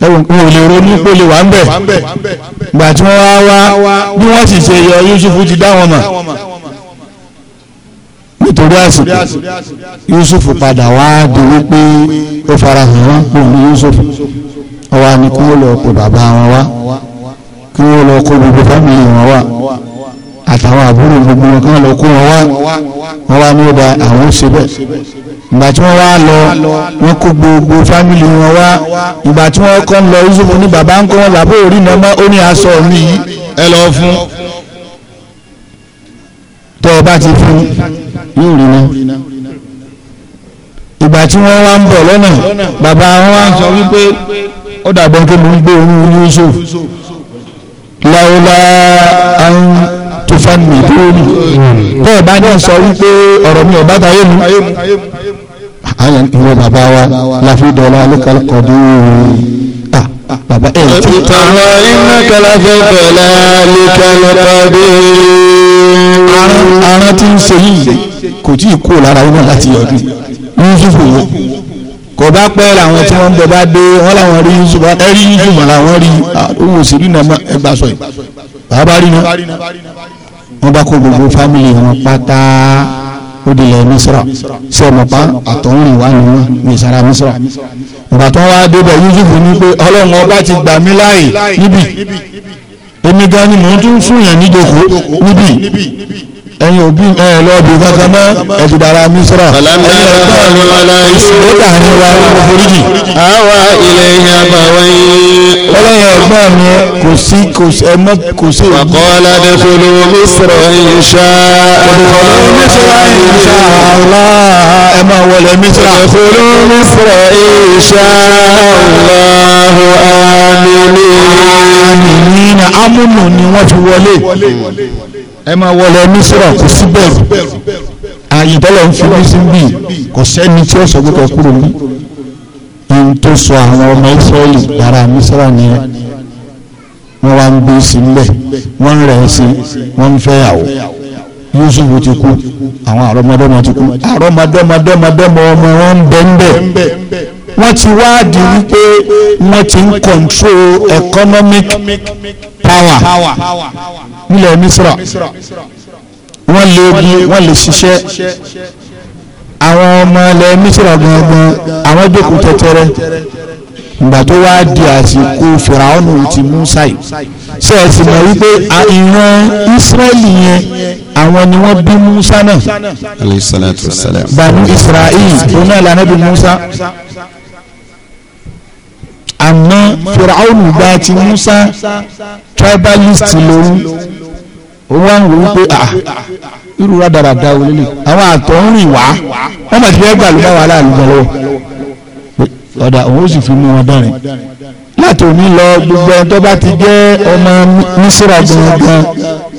ẹ̀wọ̀n wọn ò lè ronú kó lè wà ń bẹ̀ gbà tí wọ́n wá wá bí wọ́n sì ṣe yọ Yusufu ti dá wọn mọ̀ nítorí àsìkò Yusufu padà wá di wípé ó farahàn wọn pò ní Yusufu ọwọ́ ni kí wọ́n lọ pè bàbá wọn wá kí wọ́n lọ kó gbogbo fámìlì wọn wá àtàwọn àbúrò gbogbo wọn kí wọ́n lọ kó wọn wá wọn wá ní ó da àwọn ó ṣe bẹ́ẹ̀ ìgbà tí wọ́n wá lọ wọ́n kó gbogbo fámìlì wọn wá ìgbà tí wọ́n kọ́ ń lọ Yusuf ní bàbá ń kọ́ wọn bàbá òrí náà mọ́ ó ní aṣọ mi ẹ lọ fún tọ́ ọ bá ti fún yóò rí náà ìgbà tí wọ́n wá ń bọ̀ lọ́nà bàbá wọn wá ń sọ wípé ó dàgbọ́ pé mo ń gbé òun Yusuf láwùlá àwọn tó fẹ́ mi lórí bẹ́ẹ̀ bá ní sọ wípé ọ̀rọ̀ mi ò ta yé mu àyàn ìwé bàbá wa láfi dọ̀la alẹ́kọ̀ọ́dún ta bàbá ẹ̀ tí. tọrọ iná kẹlẹ́fẹ́ bẹ̀rẹ̀ alẹ́kọ̀ọ́dún. aràn tí ń ṣe yìí kò tí ì kú lára iná láti ọdún yusufu wo kò bá pẹ́ làwọn tí wọ́n ń bọ̀ bá dé wọ́n làwọn rí yusufu ẹ rí yusufu làwọn rí owó òṣèlú náà ẹ gbà sọ yìí bàbá rí náà wọ́n bá kó gbogbo fámìlì wọn pátá. Odi le misra se àtọ̀húnrìn wà ní wọn ní sara misra ìgbà tó wá débẹ̀ Yúsúfù ní pé ọlọ́run ọba ti gbà mí láàyè níbí èmi gan ni mò ń tún fún yàn níjókòó ẹ̀yin òbí ẹ̀ lọ́ọ̀bì kankan mọ́ ẹ̀dùbàrà mísírà ẹ̀yin ẹ̀gbọ́n mi kò sí kò sí ẹ̀mọ́ kò sí. wàkọ́lá dé kolo mísírà ẹ̀yin ṣá. kolo mísírà ẹ̀yin ṣá ọ̀la ẹ̀ máa wọlé mísírà. kolo mísírà ẹ̀yin ṣá ọ̀la ọ̀hún àmì ní. àmì ni wọ́n fi wọlé ẹ máa wọlé mísírà kò sí bẹ́ẹ̀rù ààyè tọ́lọ̀ ń fi mí sí bí kò sẹ́ni tí ó sọ pé kò kúrò mí ohun tó sọ àwọn ọmọ Ísírẹ́lì dára mísírà nìyẹn wọ́n wá ń gbé sí mbẹ́ wọ́n ń rẹ̀ sí wọ́n ń fẹ́yàwó Yusuf ti kú àwọn àrọ́mọdọ́mọ ti kú àrọ́mọdọ́mọdọ́mọdọ́mọ ọmọ wọn ń bẹ́ ń bẹ́ ti wá di wípé wọ́n ti ń control economic power. power. power. power nílẹ̀ Misra wọ́n lè bí wọ́n lè ṣiṣẹ́ àwọn ọmọ ilẹ̀ Misra gangan àwọn jókòó tẹ́tẹ́rẹ́ ìgbà tó wá di àsìkò fìràwọ́nù ti Musa yìí ṣe é sì mọ̀ wípé ìran Israẹli yẹn àwọn ni wọ́n bí Musa náà banu Israẹli òun náà Musa àmọ́ fìràwọ́nù gba ti Musa tribalist lòun òun wá ń wò wípé à irú rádaràda wo lélẹ̀ àwọn àtọ̀ ń rìn wá wọ́n mọ̀ sí ẹgbàá ló bá wà láàlúgbà lọ́wọ́ ọ̀dà òun ó sì fi mú wọn dárin láti òní lọ gbogbo ẹni tó bá ti jẹ́ ọmọ mísírà gbọ̀ngàn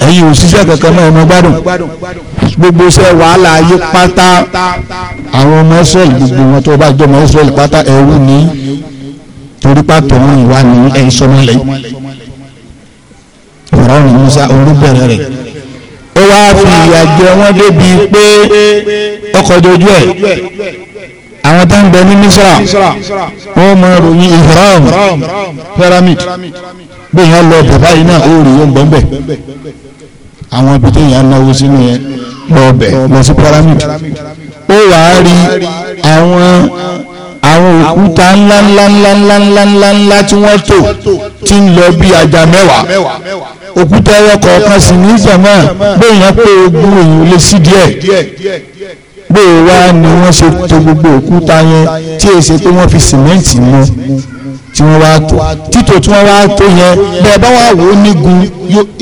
ẹ̀yin òṣìṣẹ́ kankan náà ọmọ gbádùn gbogbo iṣẹ́ wàhálà ayé pátá àwọn ọmọ Ísírẹ́lì gbogbo wọn tó bá jẹ́ ọmọ Ísírẹ́lì pátá ẹ̀rú ní torípàtọ̀ wọn ìwà ní ẹ̀yìn sọmọlẹ̀ yìí. Kùránì Musa olùbẹ̀rẹ̀ rẹ̀ ó wá fi ìyà jẹ wọ́n débi pé ọkọ̀ ojú ẹ̀ àwọn tó ń bẹ ní Misra wọ́n mọ ròyìn Ibrahim pyramid bí èèyàn lọ bẹ̀ báyìí náà ó rí oúnjẹ bẹ̀ àwọn ibi tó yàn náwó sínú yẹn lọ bẹ̀ lọ sí pyramid ó wàá rí àwọn àwọn òkúta ńlá ńlá ńlá ńlá ńlá ńlá ńlá tí wọ́n tò tí ń lọ bí ajá mẹ́wàá òkúta ẹyọ kọ̀ọ̀kan sì ní ìjàmá bóyá pé ogún èèyàn lè sí díẹ̀ bóyá wá ni wọ́n ṣe tò gbogbo òkúta yẹn tí èyí ṣe pé wọ́n fi sìmẹ́ǹtì mú tí wọ́n wá tó títò tí wọ́n wá tó yẹn bẹ́ẹ̀ bá wà wò ó nígun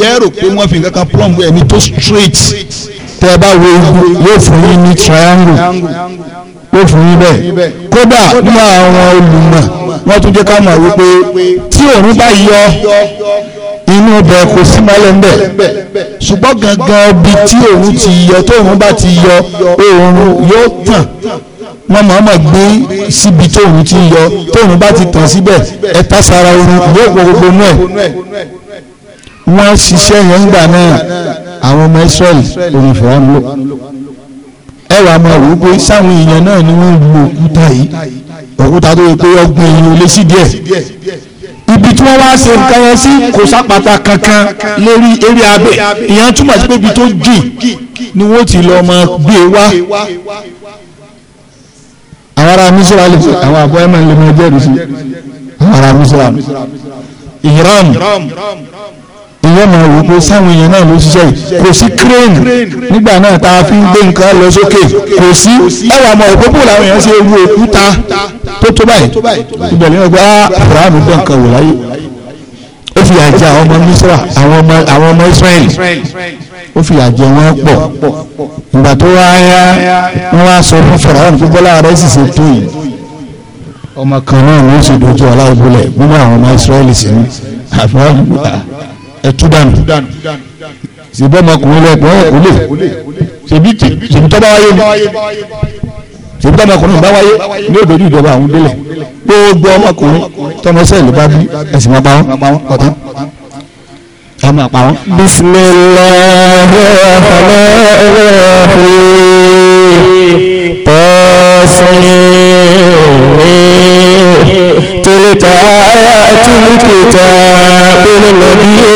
yẹ rò pé wọ́n fi nǹkan kan plumb ẹni tó straight tẹ́ ẹ bá wo igun yóò fún yín ní triangle ó fún yín bẹ́ẹ̀ kódà nínú àwọn olùmọ̀ wọ́n tún jẹ́ ká mọ̀ wípé tí òun bá yọ inú bẹ̀ kò sí mọ́lẹ̀ ńbẹ̀ ṣùgbọ́n gangan ibi tí òun ti yọ tó òun bá ti yọ òun yóò tàn wọ́n máa ma gbé síbi tó òun ti yọ tó òun bá ti tàn síbẹ̀ ẹ tásara òun yóò pọ̀ gbogbo nú ẹ̀ wọ́n ṣiṣẹ́ yẹn ń gbà náà àwọn ọmọ Israẹli òun fẹ́ràn lò wàá máa wò ó pé sáwọn èèyàn náà ni wọ́n lu òkúta yìí òkúta tó yẹ pé ọgbìn èèyàn ò lè sí díẹ̀ ibi tí wọ́n wá ṣe nǹkan yẹn sí kò sápàtà kankan lórí eré abẹ ìyẹn túmọ̀ sí pé ibi tó jìn ni wọ́n ti lọ́ọ́ máa gbé e wá àwọn ará misra lè fi àwọn àbọ̀ ẹ̀mọ̀ lè mọ ẹgbẹ́ sí àwọn ará misra ìhìrán ìyẹn mọ̀ wò pé sáwọn èèyàn náà ló ṣiṣẹ́ yìí kò sí crane nígbà náà tá a fi ń gbé nǹkan lọ sókè kò sí ẹwà mọ̀ òpópó làwọn èèyàn ṣe wú òkúta tó tó báyìí ìbẹ̀lẹ̀ náà gbá ah, abraham dán nǹkan wò láyé ó fi àjẹ àwọn ọmọ misra àwọn ọmọ israeli ó fi àjẹ wọn pọ̀ ìgbà tó wá yá wọn wá sọ fún faraon pé bọ́lá rẹ̀ sì ṣe tó yìí ọmọ kan náà ló ń ṣe dojú ọlá ìbúlẹ̀ nínú àwọn ọmọ israeli sí ni àfọwọ́n ẹ̀tú dànù ṣèbọ́ ọmọkùnrin lẹ́gbọ́n òkúlé ṣèbí tọ́ba wáyé ni ṣèbí tọ́ba ọmọkùnrin bá wáyé ní òdòdó ìjọba àwọn délẹ̀ gbogbo ọmọkùnrin tọmọsẹ́ ìlú bá bí ẹ̀sìn máa pa wọ́n ọ̀tán ẹ máa pa wọ́n. bisimilahi rahmanirrahim tọ́sí tilka ayatul kitab lẹ́yìn.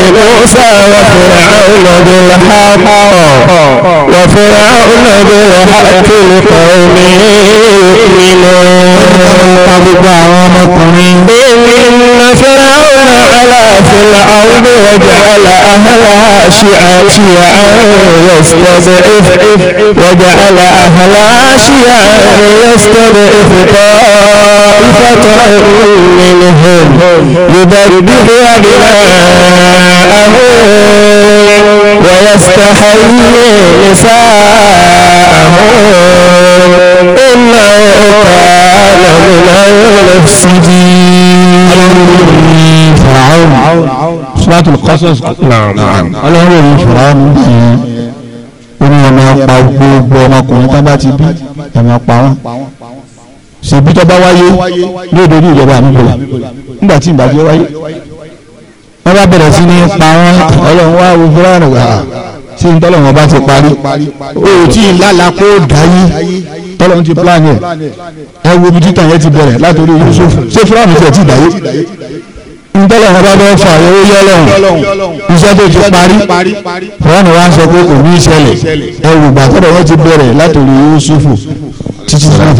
موسى وفرعون بالحق وفرعون بالحق لقوم يؤمنون على فرعون واجعل أهلها شيعا شيعا يستضعف واجعل أهلها شيعا يستضعف طائفة منهم يذبح أبناءهم ويستحيي نساءهم إنه كان من المفسدين فرعون سورة القصص نعم ọlọ́run èyí fìràwọn ń bì í omi ọmọ apá gbogbo ọmọkùnrin tá bá ti bí ẹ̀mí apá wọn ṣèbí tó bá wáyé ní òdòdó ìjọba àmúgbòlá nígbà tí ìbàjẹ́ wáyé wọ́n bá bẹ̀rẹ̀ sí ní pa wọ́n ọlọ́run wá wo fúlàní wà tí n tọ́lọ́run ọba ti parí o tí ì lálàá kó dáyé tọ́lọ́run ti pílánì ẹ̀ ẹ wo ibi títàn yẹn ti bẹ̀rẹ̀ látòrí Yusuf ṣé fúlàní tẹ̀ ti dáyé ntọ́lọ̀ ọba bẹ́ẹ̀ fà owó yọlọ́hùn iṣẹ́ tó ti parí fúlàní wa sọ pé kò ní ìṣẹ̀lẹ̀ ẹrù gbàtọ́dọ̀ wọn ti bẹ̀rẹ̀ látòrí Yusufu títí tí wọn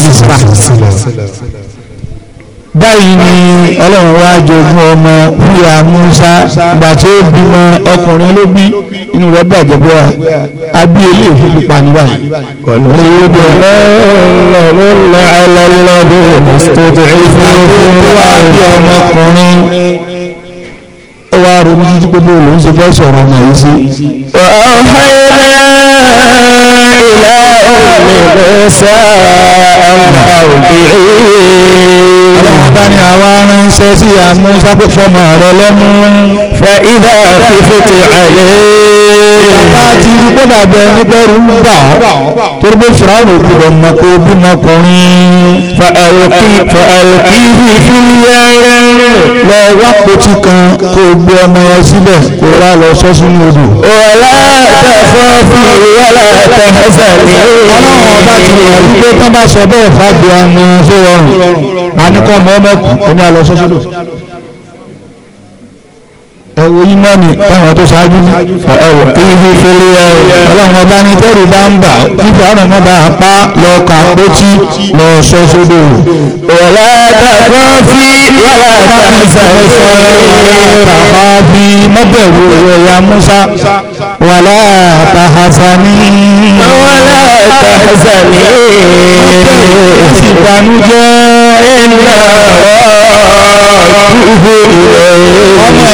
fi lọ́wọ́ báyìí ni ọlọ́run wá jogún ọmọ wíyà Musa ìgbà tí ó bímọ ọkùnrin ló bí inú rẹ̀ bàjẹ́ bọ́ abí ilé ìfúnni pani báyìí. olùdó lọ́lọ́lọ́ alọ́lọ́dọ́ mọ́sítọ́tò ìfúnni wá bí ọmọkùnrin ó wá ronú títí pé bóòlù ń ṣe bọ́ sọ̀rọ̀ ọmọ yìí sí. ọ̀hún ilé ìlà òmìnira sáà ọmọ òbí ọlọ́run bá ní àwa ránṣẹ́ sí àmúṣàpọ̀ fọmọ rẹ lẹ́mú. fẹ́ ìdá fífi ti àlẹ́ bàbá ti rí pé bàbá ẹni bẹ́rù ń bà ọ́ torí pé fìràwọ̀ gbọ́dọ̀ mọ̀ pé bímọ ọkùnrin fàlùkì fìfìyà rẹ̀ lọ wá pòtù kan kó gbé ọmọ yẹn síbẹ̀ kó rà lọ sọ́sùn lòdù. ọ̀la tẹ̀fọ́ fún ìyálà tẹ̀fẹ́sẹ̀ ní. ọlọ́run ọba ti rẹ̀ wípé tán bá sọ bẹ́ẹ̀ fàgbé ọmọ yẹn sórọrùn. a ní kọ́ ọmọ ọmọ kù ó ní àlọ́ sọ́sùn lòdù ẹ̀wọ̀ ìmọ̀nì táwọn tó ṣáájú ẹ̀wọ̀ ibi fèrè ẹ̀wọ̀ ọlọ́run ọba ní tẹ́rù bá ń bà nípa ọ̀rọ̀ mọ́ba apá lọ́ọ̀kà àpótí lọ́ọ̀ṣọ́ sódò. ọ̀la tàbá fi yàrá ìsàlẹ̀sọ tàbá fi mọ́bẹ̀wò ẹ̀yà Musa wàlá tàhásánì. wàlá tàhásánì. ìbànújẹ́ ẹ̀ ń lọ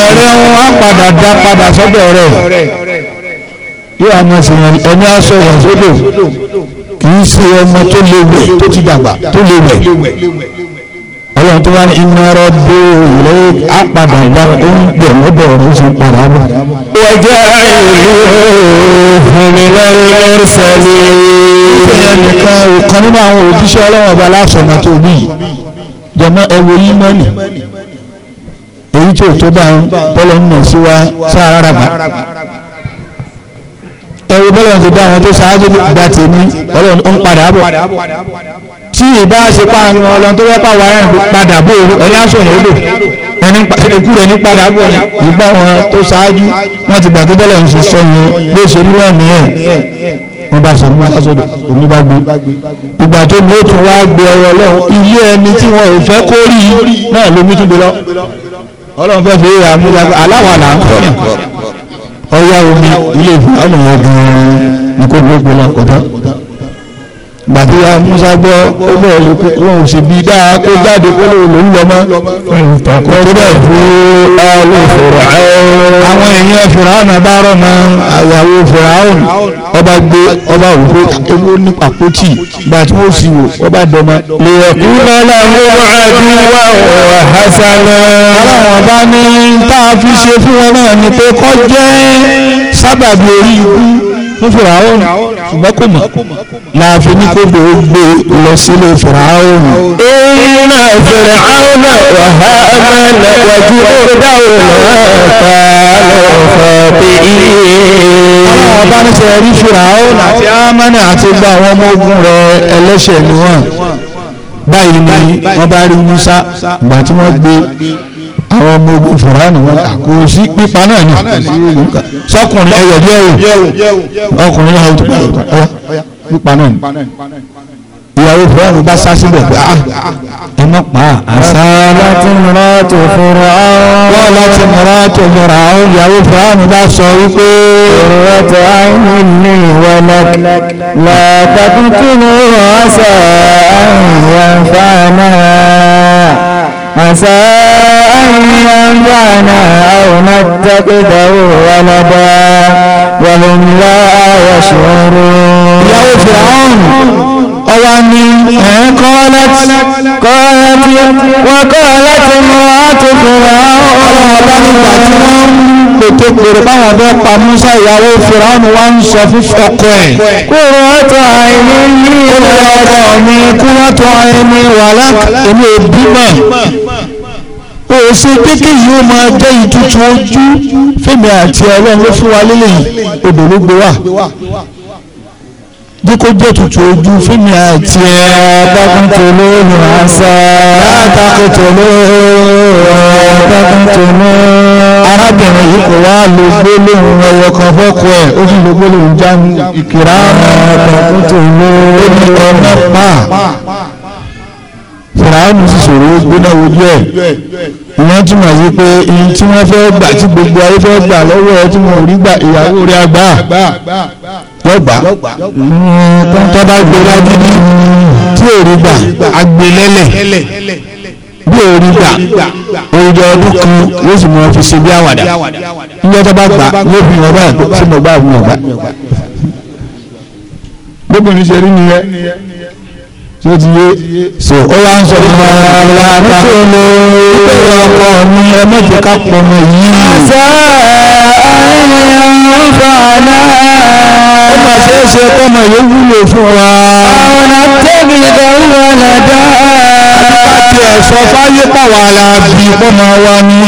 ọ̀rẹ́ wọn á padà dá padà sọ́dọ̀ rẹ̀ yóò àmọ́ sí ẹni aṣọ ìwà sódò kì í ṣe ọmọ tó lè wẹ̀ tó ti dàgbà tó lè wẹ̀ ọlọ́run tó wá ní iná rọ dé ìlú àpàdà ìgbà tó ń bẹ̀ lọ́dọ̀ ọ̀run sí padà bọ̀. wọ́jà ìlú ìlú sẹ́lẹ̀. ìfẹ́ nìkan ọ̀kan nínú àwọn òbíṣẹ́ ọlọ́wọ́ ọba aláṣọ ọ̀nà tó bí jọmọ ẹ̀wọ̀ yìí mọ́nì èyí tí ò tó bá ń bọ́lọ̀ ń nà sí wa sára ràgbà ẹ̀rù bọ́lọ̀ ti dá àwọn tó ṣáájú gba tèmi ọlọ́run ó ń padà bọ̀ tí ìbá ṣe pa àwọn ọlọ́run tó wẹ́pà wà rẹ̀ padà bọ̀ ẹni aṣọ òyìnbó lò ẹni ikú rẹ̀ ní padà bọ̀ ni ìbá wọn tó ṣáájú wọn ti gbà tó bọ́lọ̀ ń ṣe sọ yẹn bó ṣe rí wọn nìyẹn wọn bá sọ nípa sọdọ òní bá gbé ìgbà tó ní ó tún wá gbé ọ̀rọ̀ ọlọ́run ilé ẹni tí wọn ò fẹ́ kórìí náà lómi tún gbé lọ ọlọ́run fẹ́ fi yà á múlẹ̀ aláwa là ń kọ́ ọ̀yá omi ilé ìfowópamọ́ ọ̀gbìn nǹkan gbogbo náà kọ́tọ́ gbàtí ya musa gbọ́ ó bẹ̀rẹ̀ ló pé òun sì bí dáa kó jáde pé lóun ló ń lọ mọ́. kọ́ńtà fún àwọn fèrè àwọn èèyàn fìràwọn àbárọ̀ náà àyàwó fìràwọn ọba gbé ọba òwúrò ewó ní pàkótì gbàtí wọ́n sì wò ọba dọ́mọ. lè lọ́la ló wà dúwà wà hasanà. aláwọ̀ bá ní tá a fi ṣe fún wọn náà ni pé kọ́ jẹ́ sábàbí orí ikú fún fìràwọ̀n ṣùgbọ́n kò mọ̀ láàfin ní kó gbogbo lọ sílé fìràwọ̀n. iná fìràwọ̀n wà á mẹ́lẹ̀ wájú ọ̀dáwọ̀ àwọn abánisẹ̀ rí fìràwọ̀n àti ámánì àti gba àwọn ọmọ ogun rẹ̀ ẹlẹ́ṣẹ̀ ni wọ́n báyìí ni wọ́n bá rí musa ìgbà tí wọ́n gbé àwọn ọmọ ogun fúnra ni wọn kà sí pípa náà ni sọkùnrin ẹyẹ díẹ̀ o ọkùnrin náà tó báyìí ọyá pípa náà ni ìyàwó fúnra mi bá sá síbẹ̀ pé a ah, ẹ pa àṣà láti mìíràn tó fúnra wọn láti mìíràn tó fúnra wọn ìyàwó fúnra mi bá sọ wípé. قرة عين لي ولك لا تقتلوا عسى أن ينفعنا عسى أن ينفعنا أو نتخذه ولدا وهم لا يشعرون يا فرعون أواني قالت قالت وقالت امرأة فرعون ètò pèrè báwọn bẹ́ẹ̀ pa Musa ìyàwó Fìràánù wá ń sọ fún ọkọ kúrò tó àìní ní ìlú ọkọ mi kúrò tó àìní wàhálà èmi ò bímọ ò ṣe pé kéyìí ó máa jẹ́ ìtutù ojú fèmí àti ọlọ́run ló fún wa lélẹ́yìn odò ló gbé wà bí kò jẹ́ tutù ojú fèmí àti ẹ bákúntò lóòrùn àṣà bákúntò lóòrùn bákúntò lóòrùn arábìnrin yìí kò wá lo gbólóhùn ẹyọ kan fọ́kọ ẹ̀ ó sì lo gbólóhùn jáàmù ìkìrá bákúntò lóòrùn gbọ́dọ̀ wojú ẹ̀ ìyẹn túmọ̀ sí pé ihun tí wọ́n fẹ́ gbà tí gbogbo ayé fẹ́ gbà lọ́wọ́ ẹ tí mo rí gbà ìyàwó rẹ̀ àgbà lọ́gbà tó bá gbé ládìní tí ò rí gbà agbélẹ́lẹ̀ bí ò rí gbà oúnjẹ ọdún kan yóò sì mọ fi ṣe bí àwàdà níjọ́ tó bá gbà ló fi hàn báyìí tí mo gbà mi ò gbà. gbogbo ní ṣe rí nìyẹn tí ó ti yé so ó wá ń sọ fún ara nítorí ìgbéra ọkọ mi ẹ má jẹ́ ká pọ̀ mọ́ yìí. àṣà àìyàn ń fà náà. ó mà ṣe é ṣe kọ́mọ yìí wúlò fún wa. àwọn àtẹ́bí ìdánwò ọ̀nà dá. àti ẹ̀sọ́ fáyé pàwọ́ ara bí pọ́mọ wa ní.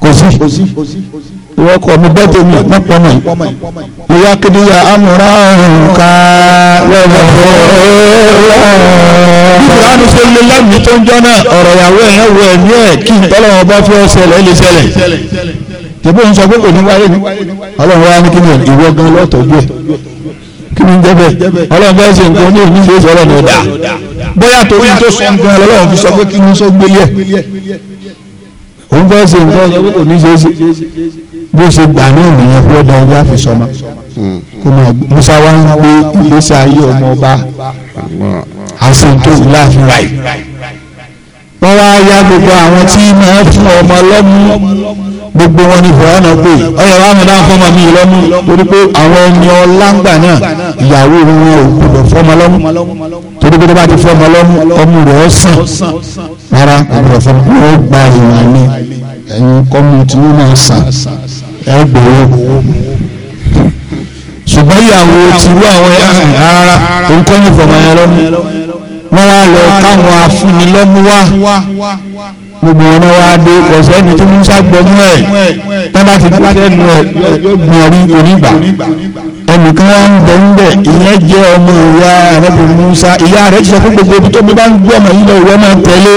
kò sí. kò sí ìwọ kọ mi gbọ́ tèmi má pọ̀ mọ́ yìí ìyá kìnìyà amúra nǹka lọ́wọ́ ìfúránù ṣe lé lẹ́mìí tó ń jọ́ náà ọ̀rọ̀ ìyàwó ẹ̀yẹ́ wọ ẹ̀mí ẹ̀ kí n tọ́lọ́wọ́ bá fi ọ́ ṣẹlẹ̀ lè ṣẹlẹ̀ tẹ̀bí òun sọ pé kò ní wáyé ni ọlọ́run wáyé ní kíni ìwọ gan lọ́tọ̀ọ́jú ẹ̀ kí ni ń ọlọ́run bẹ́ẹ̀ ṣe nǹkan ní ìlú ìṣèṣẹ́ ọlọ́run ọ̀dà bóyá torí tó sọ nǹkan ọlọ́run fi sọ pé kí ni sọ gbélé ẹ̀ òun bẹ́ẹ̀ ṣe nǹkan ọlọ́run kò ní ṣe é ṣe bó ṣe gbà náà nìyẹn bí ọdọ ọjà fi sọmọ kò mọ musa wa ń gbé ìgbésí ayé ọmọ ọba àṣetò láàfin ráì wọn wá yá gbogbo àwọn tí máa fún ọmọ lọ́mú gbogbo wọn ni bọ̀ọ́ náà pé ọyọ wa mi náà fọmọ mi lọ́mú torí pé àwọn ẹni ọlágbà náà ìyàwó wọn ò gbọdọ̀ fọmọ lọ́mú torí pé tó bá ti fọmọ lọ́mú ọmú rẹ̀ ó sàn rárá ọmọ rẹ̀ fọmọ ó gba ìwà ni ẹ̀yin kọ́mú tí wọ́n máa sàn ẹ gbowó ṣùgbọ́n ìyàwó tìlú àwọn rárá orúkọ ní ìfọ̀mọ̀ yẹn lọ́mú wọ́n wá lọ káwọn afúnilọ́mú wá gbogbo wọn wá dé ọ̀sẹ̀ ẹni tó ń ṣàgbọ́nú ẹ̀ tábà ti dúró sẹ́nu ẹ̀ gbọ̀n rí onígbà ẹnìkan wá ń bẹ ń bẹ ìyẹn jẹ́ ọmọ ìyá rẹ̀ bí Musa ìyá rẹ̀ ti sọ fún gbogbo ibi tó bí bá ń gbé ọmọ yìí lọ ìwọ máa tẹ̀lé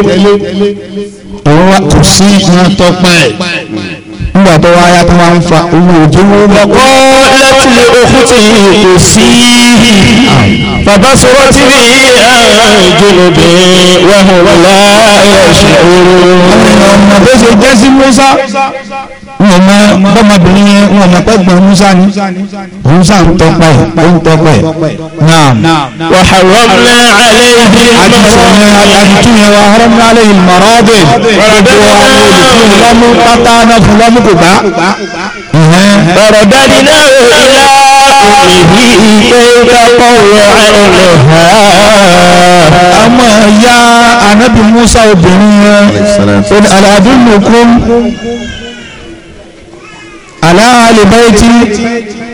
òun wá kò sí ìyẹn tọpẹ́ nígbà tó wá yá tó máa ń fa owó òjò wọn. ọkọ lẹ́tìlẹ̀ òkú ti kò sí bàbá sọ̀rọ̀ tí ní àjọlòdì wàhùn wàlá ẹ̀ṣẹ̀ òru. àwọn ọmọ tó ṣe jẹ́ sí Musa wọn mọ bọmọbìnrin yẹn wọn mọ pẹ gbọn musa ni musa ń tọpẹ ó ń tọpẹ naam. wa haramna alayhi àdìsọ yẹn àdìsọ yẹn wa haramna alayhi marade gbogbo àwọn olùkú lọmú pátá náà fún lọmú kò bá. ọ̀rọ̀ dáadé náà ò ilá òbí kéka kọ̀wé àìlè ha. àmọ́ ya anabi musa obìnrin yẹn aladunukun aláàlè báyìí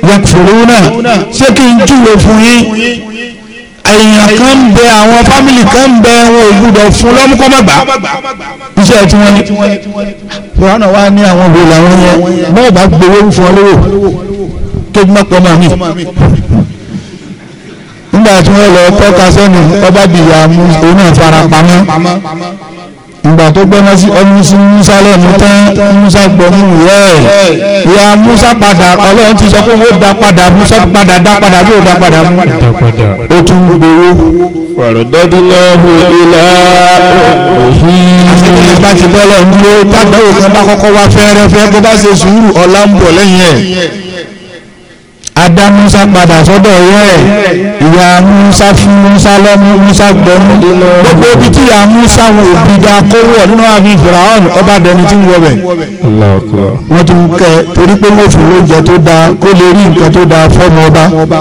yẹkùrúnà ṣé kí n júwe fún yín èèyàn kan ń bẹ àwọn fámìlì kan ń bẹ wọn ò gbúdọ̀ fún lọ́múkọ́ má gbà iṣẹ́ tí wọ́n ní fúlànà wa ní àwọn òwe làwọn yẹn bọ́ọ̀ bá gbowó fún ọ lówó kéjú má pọ̀ máa nígbà tí wọ́n lọ kọ́ kasẹ́nu ọba bìyà òun náà fara pamọ́ ìgbà tó gbọ́ná sí ọmọ sí Musa lẹ́nu tán Musa gbọ́nú rẹ̀ ìyá Musa padà ọlọ́run ti sọ pé ó dá padà Musa padà dá padà bí ó dá padà mú ó tún gbowó. Fọ̀rọ̀dọ́dúnlọ́hù ilá òhìn. Àṣekèrè bá ti bọ́lọ̀ ń lo tágbà òkan bá kọ́kọ́ wá fẹ́rẹ́fẹ́ bó bá ṣe sùúrù ọ̀la ń bọ̀ lẹ́yìn ẹ̀ adá musa padà sọ́dọ̀ ọ̀rẹ́ ẹ̀ ìyá musa fún musa lọ́mú musa gbọ́mú gbogbo ibi tí ìyá musa wọn òbí da kówó nínú àfi fìràhàn ọba dẹni tí ń wọ bẹ̀. wọ́n ti ń kẹ́ torí pé mo fún oúnjẹ tó dáa kó lè rí nǹkan tó dáa fọ́mọ ọba.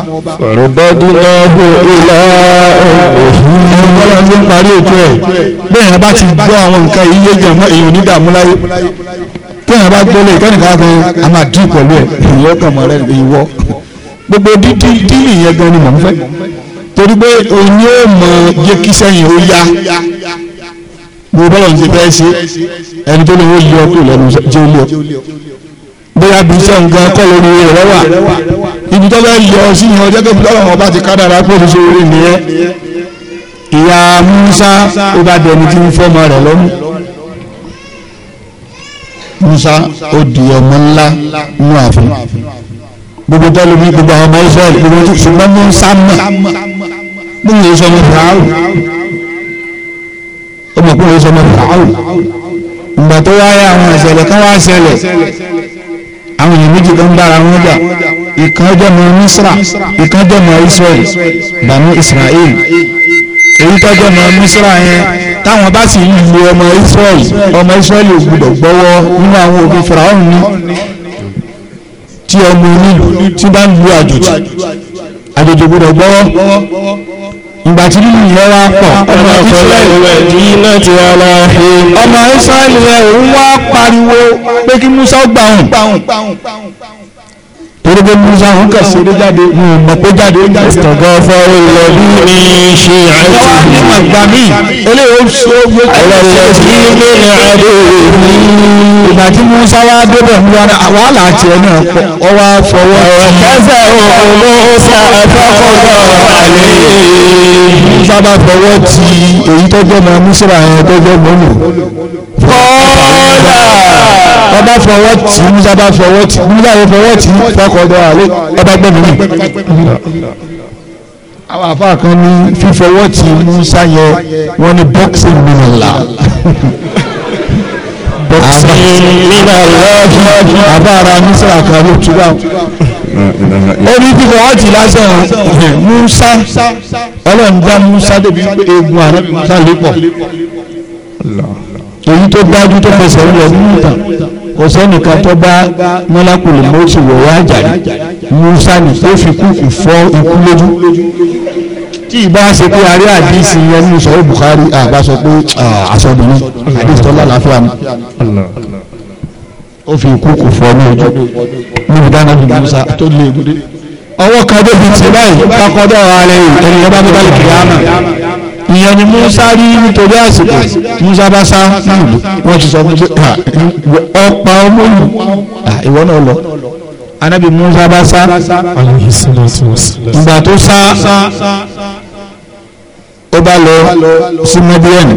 ọ̀rọ̀ bọ́dún ọgbọ̀n ìlà òfin. ọlọ́run ló ń parí ètò ẹ̀ bẹ́ẹ̀ ni a bá ti gbọ́ àwọn nǹkan yìí yé jàmọ́ èèyàn onídàámú láyé téèyàn bá gbélé kẹ́nìkan á fẹ́ a máa dín pẹ̀lú ẹ̀ ìyọ́ kàn ìwọ gbogbo dídí dídí yẹn gan ni mò ń fẹ́ torí pé òun yóò mọ jẹ́ kí sẹ́yìn ó yá gbogbo bọ́lá ń ṣe fẹ́ ṣe ẹni tó lè wọ́n yí ọkọ̀ lẹ́nu jẹ́ olú ọ bóyá bí iṣẹ́ nǹkan kọ́ lórí rẹ̀ wà ibi tó bẹ́ẹ̀ yọ sí ìhàn ọjọ́ tó fi lọ́wọ́ wọn bá ti kádàrá pé oṣù orí nìyẹn ìyá Musa ó bá dẹni tí ń fọmọ rẹ̀ lọ́mú Musa ó di ọmọ ńlá nù àfin gbogbo tẹlifí gbogbo àwọn ọmọ israẹli gbogbo tó ṣùgbọ́n ní sámà nínú ìṣọ́ ọmọ fìràwù ó mọ̀ pé ìṣọ́ ọmọ fìràwù ìgbà tó wáyé àwọn ìṣẹ̀lẹ̀ kan wá ṣẹlẹ̀ àwọn èèyàn méjì kan bára wọn jà ìkan jẹ́ ọmọ misra ìkan jẹ́ ọmọ israẹli bàmú israẹli èyí tó jẹ́ ọmọ misra yẹn táwọn bá sì ń lu ọmọ israẹli ọmọ israẹli ò gbọ́dọ̀ gbọ́wọ́ nínú àwọn òbí fìràwù ni tí ọmọ onílù tí bá ń lu àjòjì àjòjì gbọdọ̀ gbọ́wọ́ ìgbà tí lílù yẹn wá pọ̀ ọmọ ìsírẹ́lì ọmọ ìsírẹ́lì yẹn òun wá pariwo pé kí Musa gbà hùn torí pé musa ń kà jáde ń jáde ń jáde. ìtọ̀gọ́ ṣe àìsí. ní màgbà eléyìí ó ṣe é gbé. ọlọ́lẹ̀ tí ilé ní adé mi. ìgbà tí musa wá débẹ̀ ń wára wàhálà tiẹ̀ náà pọ̀ ọ wá fọwọ́. ọ̀kẹ́sẹ̀ musa àtọkọ̀dọ̀ àlẹ́. musa bá fọwọ́ ti èyí tó gbọ́mọ musa àyẹ̀dọ́gbọ́mọ lò kọ́ọ̀dà. ọba fọwọ́ tì í musa bá fọwọ́ tì í musa yóò fọwọ́ tì í fọkọ̀dọ̀ àlẹ́ ọba gbẹ̀mí mi. àwọn afa kan ní fífọwọ́ tì í musa yẹ wọ́n ní boxing minila. boxing minila. àbá ara musa kan ló tu bá orí fífọ ọtí lásán musa ọlọ́run dá musa débi egun àrẹ musa lépọ̀ èyí tó dájú tó fẹsẹ̀ ń lọ nínú ìtàn kò sẹ́nìkan tó bá mọ́lákùlù mọ́tì wọ̀wọ́ àjàrí musa ní tó fi kúkú fọ́ ikú lójú tí ìbá ṣe pé arí àdìsí yẹn nínú sọ̀rọ̀ Bukhari àbá sọ pé àsọdùnú àdìsí tó lálàáfíà mi ó fi kúkú fọ́ ní ojú níbi dáná bí musa tó lé egude ọwọ́ kan débi tí báyìí kákọ́dọ̀ ara rẹ̀ ènìyàn bá mi bá lè kiri àmà ìyẹn ni Musa rí nítorí àsìkò Musa bá sá nílùú wọn ti sọ fún mi ọpa ọmọ yìí ìwọ náà lọ anabi Musa bá sá ìgbà tó sá bá lọ sí madian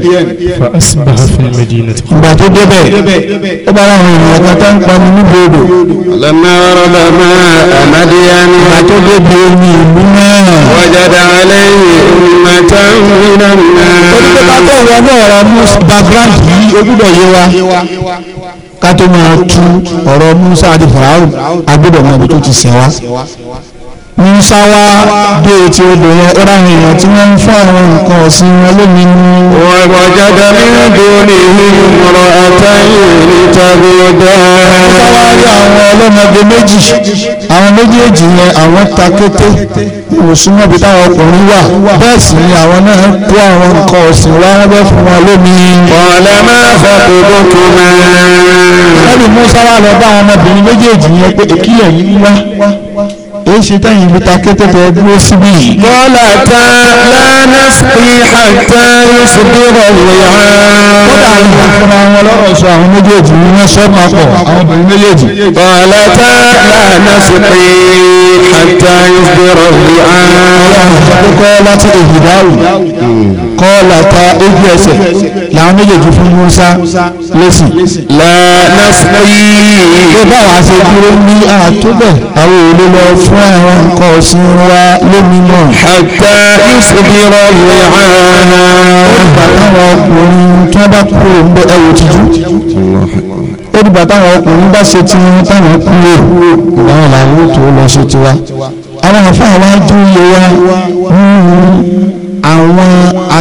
ìgbà tó débẹ̀ ó bá láwọn ènìyàn kan tó ń panu níbi odò. lọ́nà ọ̀rọ̀ bàbá àmàdíyàn. ìgbà tó débi omi ìlú náà. wọ́jà dáhà lẹ́yìn ìmọ̀ta ìrìnà náà. olùdókòwò wọ náà rà mú background yìí ó yé wa ká tó máa tú ọ̀rọ̀ musa àti farao agbọ́dọ̀ mọ̀ ibi tó ti sẹ́wà ní sáwá bí o ti odò yẹn ó ráhùn èèyàn tí wọ́n ń fún àwọn nǹkan ọ̀sìn wọn lómi ní. wọ́n wàjáde mílíọ̀dù ní ìmọ̀ràn àtàyè nítorí ọjọ́. sáwá rí àwọn ọlọ́mọdé méjì àwọn méjèèjì yẹn àwọn ta kété ìwòsàn bí táwọn ọkùnrin wà bẹ́ẹ̀ sì ni àwọn náà ń kó àwọn nǹkan ọ̀sìn wá wọ́n bẹ́ẹ̀ fún wọn lómi. ọ̀lẹ́ máa fọ kòkòkò mẹ́. lẹ́yìn musa wà lọ bá àwọn ọmọbìnrin méjèèjì yẹn pé èkìlẹ̀ yìí wá ń ṣe tẹ́yìn ibi ta kété tẹ dúró síbí yìí. bọ́lá ta lánà sí àtà ìṣòdúró wòyà. kódà àwọn ìfúnra wọn lọ́rọ̀ sọ àwọn méjèèjì ní wọ́n sọ papọ̀ àwọn obìnrin méjèèjì. bọ́lá ta lánà sí àtà ìṣòdúró wòyà. ọlọ́run ti láti èjì dáhùn. Hmm kọ́ọ̀lọ́tà ojú ẹsẹ̀ làwọn méjèèjì fún Musa lẹ́sìn. lẹ́nàṣẹ́ yìí. tó bá wàá ṣe dúró ní àtúbẹ̀ àwọn òde lọ fún àwọn nǹkan ọ̀sìn wa lómi náà. àtà ìṣèbírọ̀ rẹ̀ àná. ó bàtà àwọn ọkùnrin tí wọ́n bá kúrò ń bẹ ẹ̀wò tìjú olùgbà táwọn ọkùnrin bá ṣe ti wọn táwọn kúrò ìdáhùn làwọn ètò lọ ṣe tiwa àwọn àfáà wá dúró wa nínú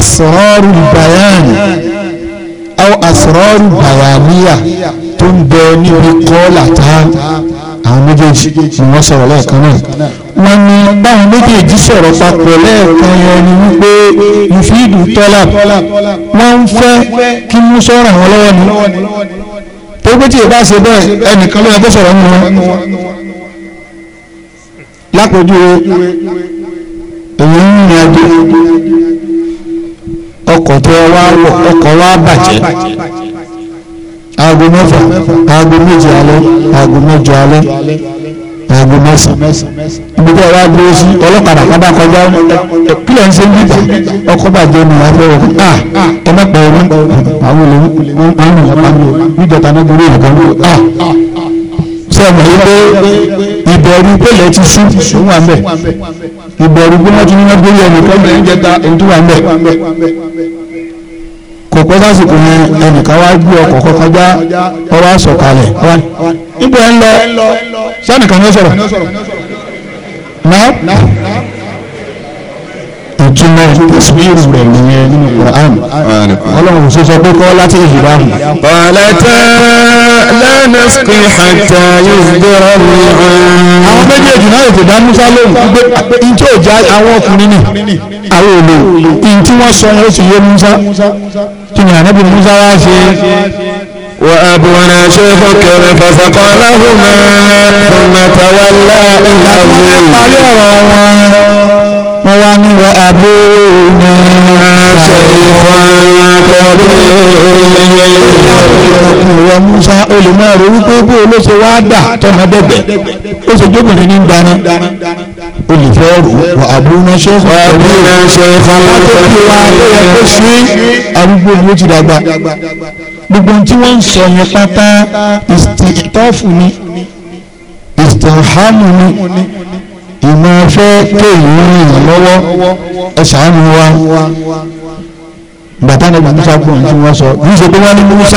asrọ́rù bayani aw asrọ́rù bayaniya tó ń bẹ níbi kọ́ọ̀lá tá àwọn méjèèjì ni wọ́n sọ̀rọ̀ lẹ́ẹ̀kan náà wọ́n ní báwọn méjèèjì sọ̀rọ̀ papọ̀ lẹ́ẹ̀kan yẹn ni wípé ìfíìdù tọ́lá wọ́n ń fẹ́ kí mú sọ̀rọ̀ àwọn lọ́wọ́ ni tó gbé tí ìbá ṣe bẹ́ẹ̀ ẹnìkan ló yẹ kó sọ̀rọ̀ nínú wọn lápòjú èyí ń rìn àjò ọkọ̀ tẹ wá wọ̀ ọkọ̀ wá bàjẹ́ aago mẹ́fà aago méje alẹ́ aago mẹ́jọ alẹ́ aago mẹ́sàn-án ibi tí ọ̀rọ̀ adúró sí ọlọ́kadà kọ́dá kọjá kílẹ̀ ń ṣe ń bíbà ọkọ̀ bàjẹ́ ní afẹ́wọ̀ à ẹ̀mẹ́pẹ̀ẹ́ ní àwọn olè ń pàmì ìjọta náà dúró ìgbà à sọmọ yìí pé ìbẹ̀rù pẹ̀lẹ́ ti sí òun wà ìbẹ̀rù pé ti ní wọ́n gbé yẹn nìkan mẹ́rin jẹta èyí tó kò pẹ́ lásìkò yẹn ẹnìkan wá gbé ọkọ̀ kọkọjá ọwọ́ àsọ̀kalẹ̀ ibẹ̀ ń lọ sẹ́nìkan ní sọ̀rọ̀ náà ìtumọ̀ tasbiru rẹ̀ nìyẹn nínú Qur'an ọlọ́run sọ pé kọ́ láti ìhìbá. ọ̀lẹ́tẹ̀ẹ́. لا نسقي حتى يصدر الرعاء àwọn méjèèjì náà ètò dá musa lóhùn pé ntí ò àwọn ọkùnrin ni àwọn òlò ntí wọ́n sọ yẹn sì yé musa kí ni ànábì musa wá ṣe. وأبونا شيخ كرم فسقى لهما ثم تولى إلى الظل wọ́n wá ní wọ abó ní ṣe ìwọ̀n kọ́lé ìwọ Musa o lè máa ro wípé bí olóṣè wá dà tọmọ dẹgbẹ ó ṣe jókòó ní dáná o lè fẹ́ rò wọ àbúrò ṣe é fún mi. àbúrò ṣe é fún mi. wọ́n ti wá lóye kó sí arúgbó ni ó ti dàgbà gbogbo tí wọ́n ń sọ yẹn pátá ìtọ́fù ni ìtọ̀hámù ni ìmọ̀ ẹ̀fẹ́ kéèyàn rìn lọ́wọ́ ẹ̀ ṣàánú wa bàtà ní musa gbọ́n tí wọ́n sọ yìí ṣe pé wọ́n ní musa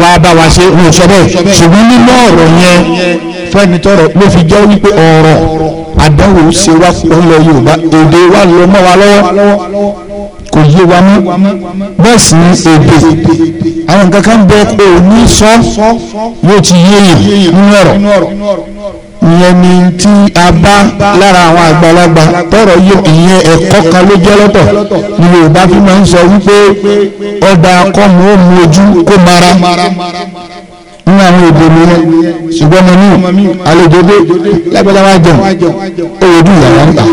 wà á bá wa ṣe ń sọ bẹ́ẹ̀ ṣùgbọ́n nínú ọ̀rọ̀ yẹn fẹ́mi tọrọ ló fi jẹ́ wípé ọ̀rọ̀ àdánwò ṣe wá lọ yorùbá èdè wa lọ mọ́ wa lọ́wọ́ kò yé wa mọ́ bẹ́ẹ̀ sì ni èdè àwọn kankan bẹ́ẹ̀ kò ní sọ yóò ti yé yàn nínú ọ̀rọ̀ ìyẹn ni tí a bá lára àwọn àgbàlagbà tọrọ yé ìyẹn ẹ̀kọ́ kan ló jẹ́ lọ́tọ̀ ni Yorùbá fi máa ń sọ wípé ọba akọ́mu ó mu ojú kó mara nínú àwọn èdè mi yẹn ṣùgbọ́n mo ní àlejò dé lábẹ́lẹ́ wa jẹun owó dùn yàrá ń ta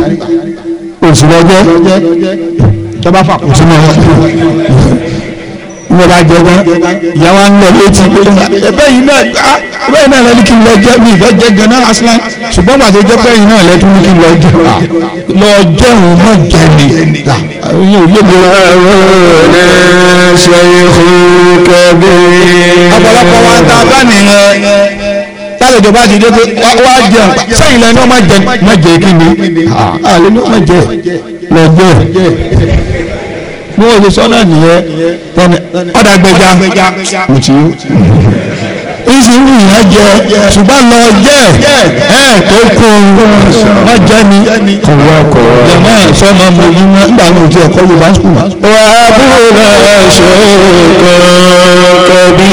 òsì tọ́ba fà kò sínú ọ̀hún mo bá jẹ wọn ìyá wa ń lọ létí ẹbẹ yìí náà ah, ẹbẹ yìí náà lẹni kí n lọ jẹ mi ìfẹ́ jẹ gan náà aslan ṣùgbọ́n pàṣẹ jẹ yìí náà lẹni kí n lọ jẹ ah, lọ jẹ òun mọ jẹ ni ah, ọ̀pọ̀lọpọ̀ wa ta bá nìyẹn tálẹ̀jọ bá ti dé pé wá jẹun sẹ́yìn lẹ́ni wọ́n jẹ kí ni àlẹ́ ni wọ́n má jẹ mo ò lè sọ náà nìyẹn ọ̀dà gbẹja mo ìsìnkú ìyá jẹ ṣùgbọ́n lọ jẹ ẹ tó kún má jẹ ni jẹmọ sọmọ mo yí mọ nígbà mi ò tí yorùbá sùkúl. wà á búra ṣòkò kọbí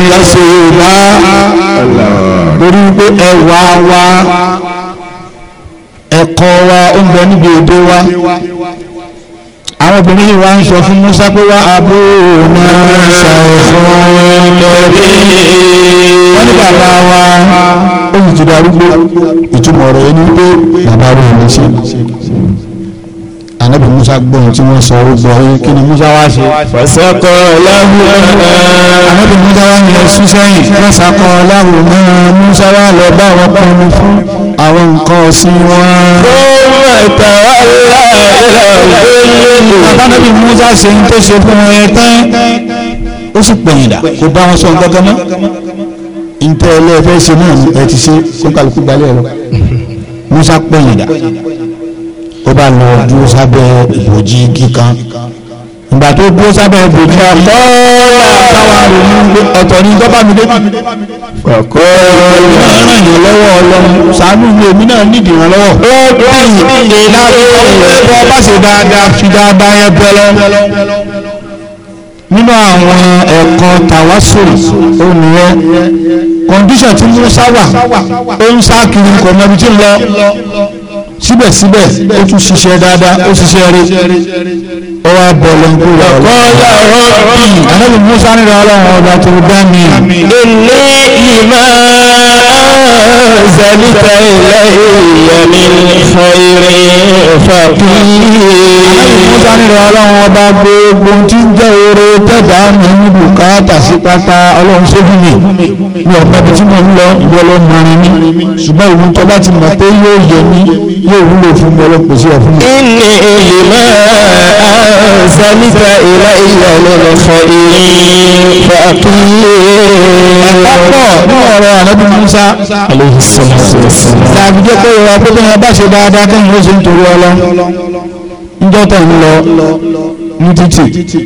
ìlàsìlá lórí pé ẹwà wa ẹ̀kọ́ wa ó ń bẹ níbi èdè wa àwọn obìnrin yìí wá ń sọ fún Musa pé wá abú náà ṣàìsàn lẹ́bí. wọ́n ní bàbá wa ó ìtumọ̀ rẹ̀ ní pé bàbá rẹ̀ ní ṣe anabi musa gbọ́n tí wọ́n sọ orúkọ kí ni musa wá ṣe. fasakọ láhùn náà. anabi musa wá yẹn sún sẹ́yìn fasakọ láhùn náà musa wá lọ bá wọn pinnu fún àwọn nǹkan ọ̀sìn wọn. bọ́ọ̀mù ẹ̀ta aláàlú. bàbá anabi musa ṣe ń tó ṣe fún wọn tán ó sì pẹ̀yìn dà kó bá wọn sọ nǹkan kan mọ́. ìtẹ́ ẹlẹ́fẹ́ ṣe náà ẹ ti ṣe kó kálukú gbalẹ̀ lọ musa pẹ̀yìn dà ó bá lọ dúró sábẹ́ ìbòjì kíkan ìgbà tó dúró sábẹ́ ìbòjì ọ̀pọ̀ àtàwọn àròyìn ọ̀tọ̀ ní tọ́ba mi dé. ọ̀kọ́ ìrànràn yẹn lọ́wọ́ ọlọ́run sàánú ilé mi náà nídìí ràn lọ́wọ́. ó bí ìlà tó bá ṣe dáadáa fi dáadáa yẹn bẹ́ lọ. nínú àwọn ẹ̀kọ́ tàwásùrù ó nìyẹn kọ̀ǹdíṣàn tí Musa wà ó ń sá kiri kò mọ ibi tí ń lọ síbẹ̀síbẹ̀ ó tún ṣiṣẹ́ dáadáa ó ṣiṣẹ́ rí ó wá bọ̀ lọ́nkú rẹ̀ ọ̀la ọ̀bí anábì musa nira ọlọ́run ọba tó dá mi. ilé ìmọ̀. أنزلت إلي من خير فقير ogun tí ń jẹ́ oore tẹ́dà mi ní bùkátà sí pátá ọlọ́run sófin mi ní ọ̀pẹ́ bí tí mo ń lọ ìwọ ló mọ rin mi ṣùgbọ́n ìwé tó bá ti mọ̀ pé yóò yẹ mí yóò wúlò fún ọlọ́pọ̀ sí ọ̀fun mi. ìní èlé máa sẹ́mítà ìlà ìlà ìlànà fọ ìrìn fàkúyè. àpapọ̀ ní ọ̀rọ̀ àlọ́bí Musa Musa tàbí jẹ́ pé ìwà pé bẹ́ẹ̀ bá ṣe dáadáa kẹ́yìn ó ṣe ń torí ọlọ́ níjọ́ tó ń lọ ní títì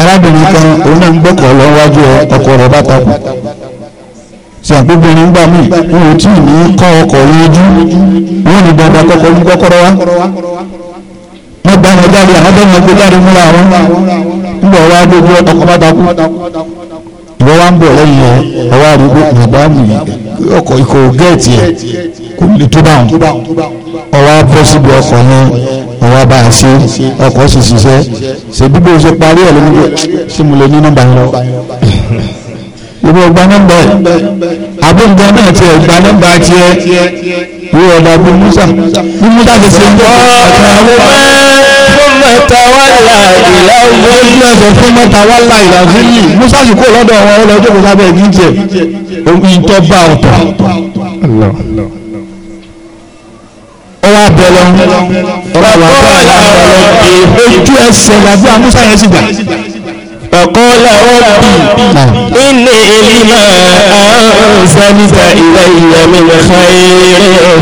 arábìnrin kan òun náà ń gbọ́kọ̀ lọ wájú ọkọ rẹ̀ bá takùn tí àgbébìnrin ń gbà mí wọn ò tí ì ní kọ́ ọkọ̀ lójú wọn ní dandan kọ́kọ́ ní kọ́kọ́rọ́ wa wọ́n gbà wọn jáde àwọn bẹ́ẹ̀ ni wọ́n gbé jáde múra wọn ń bọ̀ wá gbogbo ọkọ̀ bá takùn ìwọ wa ń bọ̀ lẹ́yìn ẹ̀ ọwọ́ àdúgbò ìbámu ọkọ̀ ikọ̀ gẹ́ẹ̀tì ẹ̀ kò lè tó bá wọn ọwọ́ abọ́ síbi ọkọ̀ yẹn ọwọ́ bá a ṣe ọkọ̀ sì ṣiṣẹ́ ṣèbí bó ṣe parí ẹ̀ lónìí ṣé mo lè ní nọ́mbà yẹn lọ. ìwọ gba nọ́mbà ẹ̀ abóńgbà náà tiẹ̀ gba nọ́mbà tiẹ̀ ìwọ ọ̀dà bí Musa bí Musa ti ṣe ń bọ̀ ọ̀tàn àwọn ẹ̀ mọ̀tàwálà ìlàwọ̀. ó ní ẹsẹ̀ fún mọ̀tàwálà ìlàzílì musa sì kó lọ́dọ̀ àwọn ọlọ́jọ́ kò sábẹ́ ẹ̀gí jẹ ìjọba ọ̀tọ̀. ó wá bẹ lọ ọ̀rọ̀ àwọn àbúrò àbẹ̀lọ ojú ẹsẹ̀ làbí àmúṣà yẹn sì gbà. فَقَالَ ربي إني لما أنزلت إلي مِنْ خَيْرٍ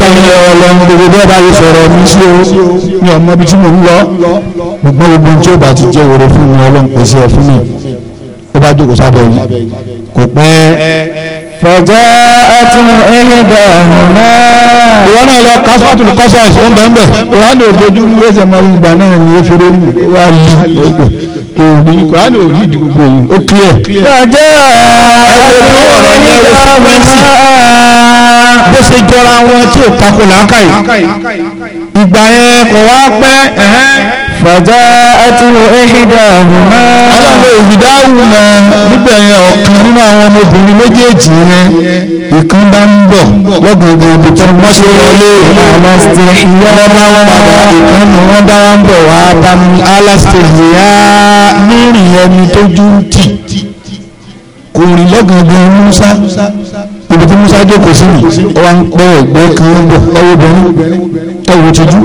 فقير ọlọ́run gbogbo bẹ́ẹ̀ bá yẹ sọ̀rọ̀ mi sí o mi ọmọ ibi tí mo ń lọ gbogbo gbogbo tí ó bá ti jẹ́ òre fún mi ọlọ́run pèsè ẹ̀ fún mi ó bá jókòó sábẹ́ yìí kò pẹ́ فجاءته إحداهما wọ́n náà lọ kásọ́tún kọ́sọ́ọ̀sì ó ń bẹ̀ẹ́ bẹ̀ kùránì òfojú wẹ́sẹ̀ máa ń gbà náà ní efere wà ní ọgbọ̀n òní kùránì òní ìdìbò yìí ó kílẹ̀. ọjọ́ ọ̀rọ̀ ní gọ́ọ̀mẹ́ntì bó ṣe jọra wọn tí ò takò láákàyè ìgbà yẹn kò wá pẹ́ ẹ̀hẹ́n fàjá àtúrò ìdáhùnmá. aláwọ̀ ìdáhùnmá níbẹ̀ yẹn ọ̀kan nínú àwọn ọmọbìnrin méjèèjì yẹn ìkan bá ń bọ̀ lọ́gbọ̀ngbọ̀n ibi tó ń bọ́ sí wọlé aláṣẹ ìyá padà ìkan ni wọ́n bá ń bọ̀ wá bá mi aláṣẹ ìyá mírìn ẹni tó jú ń tì kò rìn lọ́gbọ̀ngbọ̀n Musa ibi tí Musa jókòó sí mi ó ń pẹ́ ẹ̀gbẹ́ kan ń bọ̀ lọ́wọ́ obìnrin ẹwù tijú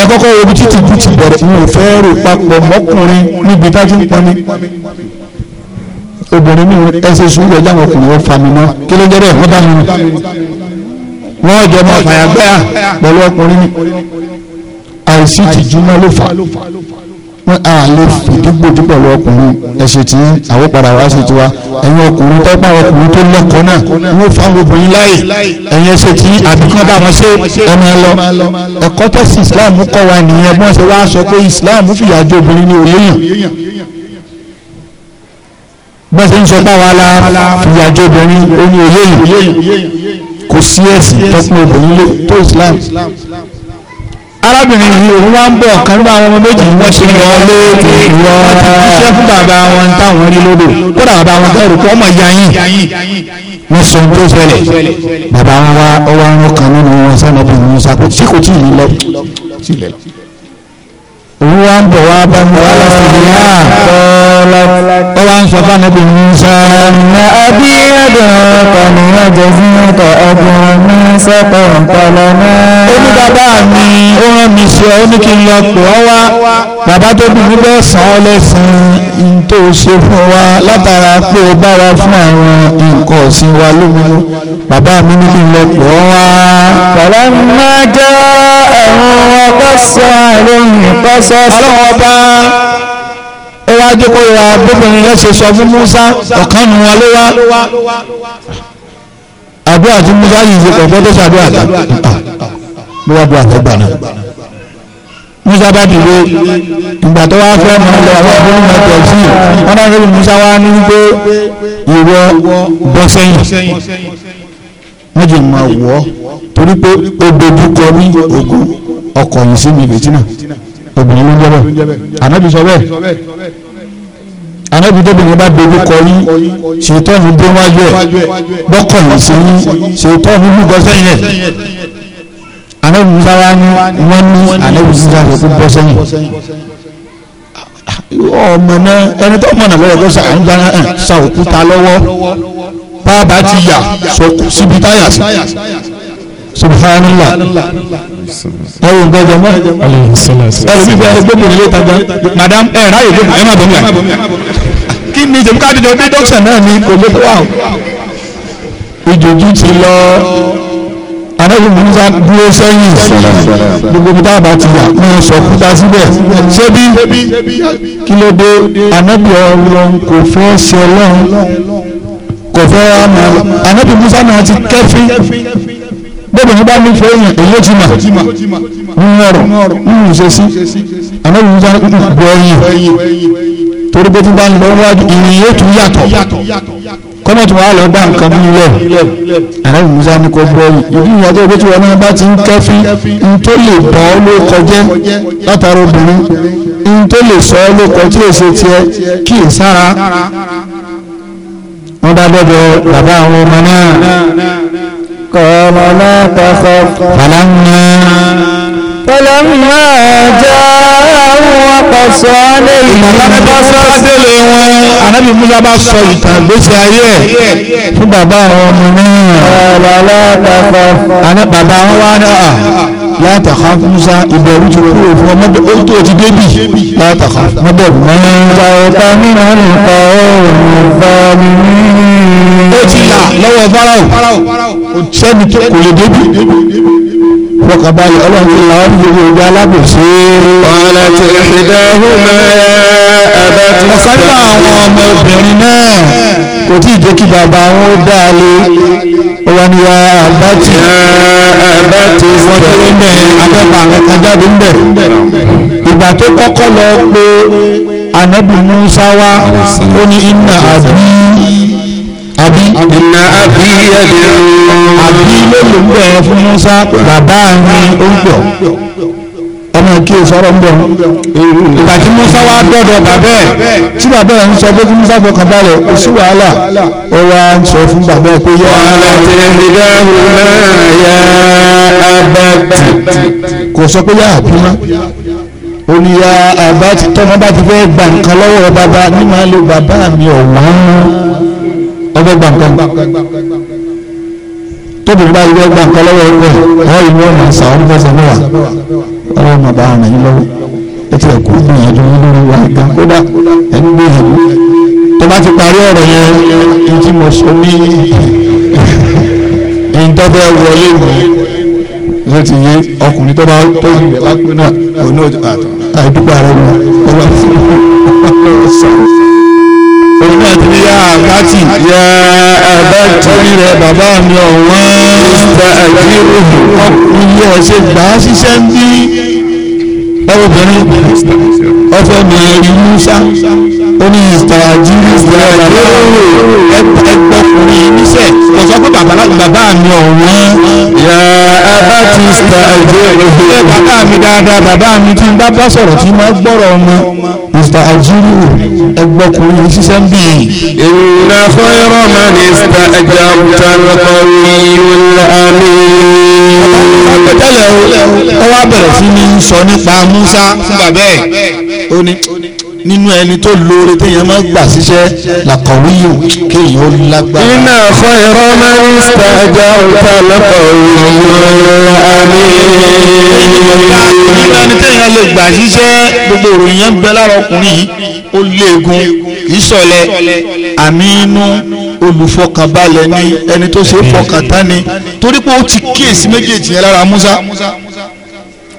ẹ kọ́kọ́ wo ibi títí ju ti bẹ̀rẹ̀ mi ò fẹ́ rò papọ̀ mọ́kùnrin níbi dájú ń pọnmi obìnrin mi ẹsẹ̀ sùúrù ẹ̀jẹ̀ àwọn ọkùnrin wọn fa mi mọ́ kí ló jẹ́ bẹ́ẹ̀ wọ́n bá mi nù wọ́n jọ máa fàyàgbẹ́ pẹ̀lú ọkùnrin ni àìsí tìjú náà ló fà wọn a lè fìdígbòdì pẹ̀lú ọkùnrin ẹ̀ṣẹ̀ tí àwọn padà wá ṣe tiwa ẹ̀yin ọkùnrin tọ́pá ọkùnrin tó lẹ́kọ̀ọ́ náà wọ́n fáwọn obìnrin láàyè ẹ̀yin ẹ̀ṣẹ̀ tí àbíkan bá wọn ṣe ẹ̀mọ ẹ lọ ẹ̀kọ́ tẹ̀sí Islam kọ́ wa nìyẹn bí wọ́n ṣe wá sọ pé Islam fìyà jẹ obìnrin ní òléyàn bọ́n ṣe ń sọ báwa la fìyà jẹ obìnrin ó ní òléyàn kò sí ẹ̀sìn tọ́pọ̀ obìnrin tó Islam. Islam arábìnrin yìí òun wá ń bọ̀ kan nínú àwọn ọmọ méjì wọ́n ṣe lọ lóde wọ́n ti ṣiṣẹ́ fún bàbá wọn táwọn rí lódò kódà bàbá wọn kẹrù kọ́ ọmọ ìyá yìí wọ́n sọ tó ṣẹlẹ̀ bàbá wọn wá ọwọ́ àwọn kan nínú wọn sẹ́nà wọn sá kò tí kò tí ì lọ òun wá ń bọ̀ wá bá mi wá láti rí i ah, ó wá ń sọ fún ànábì Musa. na abi ẹ̀dọ̀ ọkọ̀ ni ọkọ̀ ẹ̀dùn ọ̀nà sọ́kọ̀ náà ní bàbá mi ó rán mi sí ọ ní kí n lọ pè ọ wá bàbá tó bí mi bẹ́ẹ̀ sàn ọ́ tó ṣe fún wa látara pé ó bá wa fún àwọn nǹkan ọ̀sìn wa lóminú bàbá mi ní kí n lọ pè ọ wá. bàbá mi máa jẹ́ ẹ̀rùn ọgbọ́n sọ àrùn ìpọ́sọ́ sí. ọlọ́run ọba ó wá dé kó ra bóbìnrin yẹn ṣe sọ fún Musa ọ̀kan nu wọn ló wá àdúrà tí Musa yìí ṣe pọ̀ fọ́tò ṣàdúrà bí wọ́n bu àgbàgbà náà musa bá dìde ìgbà tó wá fẹ́ máa lọ àwọn ọdún náà tẹ̀ sí wọn náà lórí musa wá ní wípé ìwọ bọ́ sẹ́yìn wọ́n jẹ́ máa wọ́ torí pé obìnrin kọ ní ogun ọkọ̀ yìí sí mi bìtínà obìnrin ló ń jẹ́ bẹ́ẹ̀ ànábì sọ bẹ́ẹ̀ anábì tóbìnrin bá dojú kọ yín ṣètọ́nù dé wájú ẹ̀ bọ́kọ̀ yìí sí yín ṣètọ́nù lúgọ sẹ́yìn ẹ̀ anabi musa wa ni wọn ní anabi musa fẹ́ kó bọ́ sẹ́yìn ọmọ náà ẹni tó mọ̀nà lọ́wọ́ tó sà ń gbára ẹ̀ sa òkúta lọ́wọ́ bàbá ti yà síbi táyà sí subhanallah ẹ̀rù gbọ́dọ̀ mọ́ ẹ̀rù bíbẹ̀ ẹ̀rù gbọ́dọ̀ nílé tajà madam ẹ̀ ráyè gbọ́dọ̀ ẹ̀ má bọ̀ mí à kí ni jẹ̀mú káàdì jọ dé dọ́kítà náà ní kò gbé tó wà ìjòjú ti lọ ní musa dúró sẹ́yìn gbogbo bí dábàá ti yà máa sọ kúta síbẹ̀ ṣebí kí ló dé anábì ọlọ́run kò fẹ́ ṣe ọlọ́run kò fẹ́ àmà anábì musa náà ti kẹ́fín bóbi ní bá ní fẹ́ yẹn èyí ó ti mà nínú ọ̀rọ̀ nínú ìṣesí anábì musa gbọ́ ẹ̀yìn torí bó ti bá ń lọ wájú ìrìn yóò tún yàtọ̀ kọ́mọ̀ tí wọ́n á lọ gbá nǹkan bí ilẹ̀ ààrẹ musa ní kò bọ́ ìdí ìyá tó gbẹ́tí wọn náà bá ti ń kẹ́fí n tó lè bọ́ ọ ló kọjẹ́ látara obìnrin n tó lè sọ ọ ló kọjẹ́ èso tiẹ̀ kí è sára wọ́n bá dọ́dọ̀ bàbá àwọn ọmọ náà kọ́mọ náà kọ́kọ́. fàlànà. fàlànà jẹ́ wọn kọ sọ ọ́ lè rí. Ìtàlábí bá sọ délé wọn. Ànábì Musa bá sọ ìtàn ìgbésí ayé ẹ̀ fún bàbá àwọn ọmọ náà. Bàbá látàkọ. Àná bàbá wọn wá náà. Látàkọ Musa ìbẹ̀rù ti kúrò fún ọmọ ó tó ti débì. Látàkọ wọ́n bẹ̀rù mọ́. Ìtàwọ̀tà nínú àlùkò òòrùn bọ́ọ̀lù mi. Ó ti là lọ́wọ́ Fáráò. Sẹ́ni kò lè débì ìfọkànbalẹ̀ ọlọ́run ti là ọ́ ní gbogbo ìgbà alábòsí. ọ̀la ti ìdáhùn mẹ́rẹ̀ ẹ̀bá ti sọ. ọ̀kan nínú àwọn ọmọbìnrin náà kò tí ì jẹ́ kí bàbá wọn ó dá a lé wọn ni àbí ìnà àbí ẹ̀dẹ̀ àbí mélòó ń bẹ̀ fún Musa bàbá mi ó ń pọ̀ ọmọ kí o sọ̀rọ̀ ń bọ̀ ìgbà tí Musa wá dọ́dọ̀ bàbá ẹ̀ tí bàbá ẹ̀ ń sọ pé kí Musa fọkàn balẹ̀ ó sì wàhálà ó wá ń sọ fún bàbá ẹ̀ pé yá kò sọ pé yá àbúrò oníyà àbá tọmọ bá ti fẹ́ gbà nǹkan lọ́wọ́ bàbá ní màá lo bàbá mi ọ̀wọ́n ọgbẹ́ gbà nǹkan tóbi bá ilé gbà nǹkan lọ́wọ́ ẹgbẹ́ ọ̀họ́ ìlú ọ̀nà àṣà ọ̀hún fẹsẹ̀ mẹ́wàá ọ̀rọ̀ ọmọ bá rìn yín lọ́wọ́ etí ẹ̀kú gbìyànjú yín lórí wa gan kódà ẹni gbìyànjú tó bá ti parí ọ̀rọ̀ yẹn ní tí mo sọ ní ìtọ́fẹ́ wọlé ìwé ló ti yé ọkùnrin tó bá tó yìí lápẹ́ náà òun náà àìdúgbò ààrẹ wọn ó wà sọ̀rọ̀ àbátì. Yà àbátì. Orí rẹ̀ bàbá mi ọ̀wọ́n. Mr. Ajiru. Ilé ọ̀sẹ̀ gbà á ṣiṣẹ́ ń bí. Ọ̀bìnrin ọ̀fẹ́ mi rí Musa. Ó ní Mr. Ajiru. Mr. Ajiru. Ẹgbọ́kùnrin níṣẹ́. Kò sọ pé bàbá mi ọ̀wọ́n. Yà àbátì Mr. Ajiru. Ilé bàbá mi dáadáa bàbá mi tí ń bá bá sọ̀rọ̀ tí mo gbọ́rọ̀ ọmọ ìsìtàjírù ẹgbọ́kùnrin ṣiṣẹ́ ń bì í. inna khayra man ista'jarta al-qawiyyul amin. àpẹtẹlẹ ó wá bẹ̀rẹ̀ sí ní sọ nípa Musa fún bàbá ẹ̀ nínú ẹni tó lóore téèyàn máa gbà síṣẹ́ làkọ̀wé yìí kéèyàn ó lágbára. iná ọ̀fọ́ ẹ̀rọ máa ń ṣàjà ọ̀tá lọ́kọ̀wé àmì. nínú ẹni téèyàn lè gbà síṣẹ́ gbogbo ìròyìn yẹn bẹ lára ọkùnrin yìí ó léegun kì í sọ̀lẹ̀ àmì olùfọkànbalẹ̀ ni ẹni tó ṣe é fọkàn tán ni torí pé ó ti kíyèsí méjèèjì yẹn lára Musa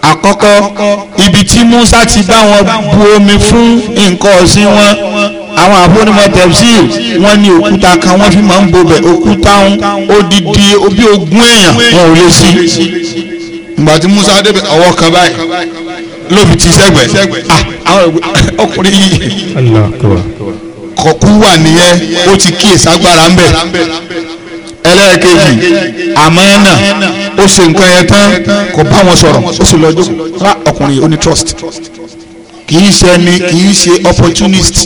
àkọ́kọ́ ibi tí Musa ti bá wọn bu omi fún nǹkan ọ̀sìn wọn àwọn àfọ́nimọ̀ tẹ̀síìl wọ́n ní òkúta kan wọ́n fi máa ń bobẹ̀ òkúta ń odidi bí ogún èèyàn wọn ò lè sí ìgbà tí Musa débẹ̀ ọwọ́ kan báyìí lóbi ti sẹ́gbẹ̀ ah, àwọn ọkùnrin yìí kọ̀kú wà nìyẹn ó ti kíyèságbára ń bẹ̀ ẹlẹ́ẹ̀kejì àmánà ó ṣe nǹkan yẹn tán kò bá wọn sọ̀rọ̀ ó sì lọ jókòó rá ọkùnrin ó ní trust kì í ṣe ẹni kì í ṣe opportunist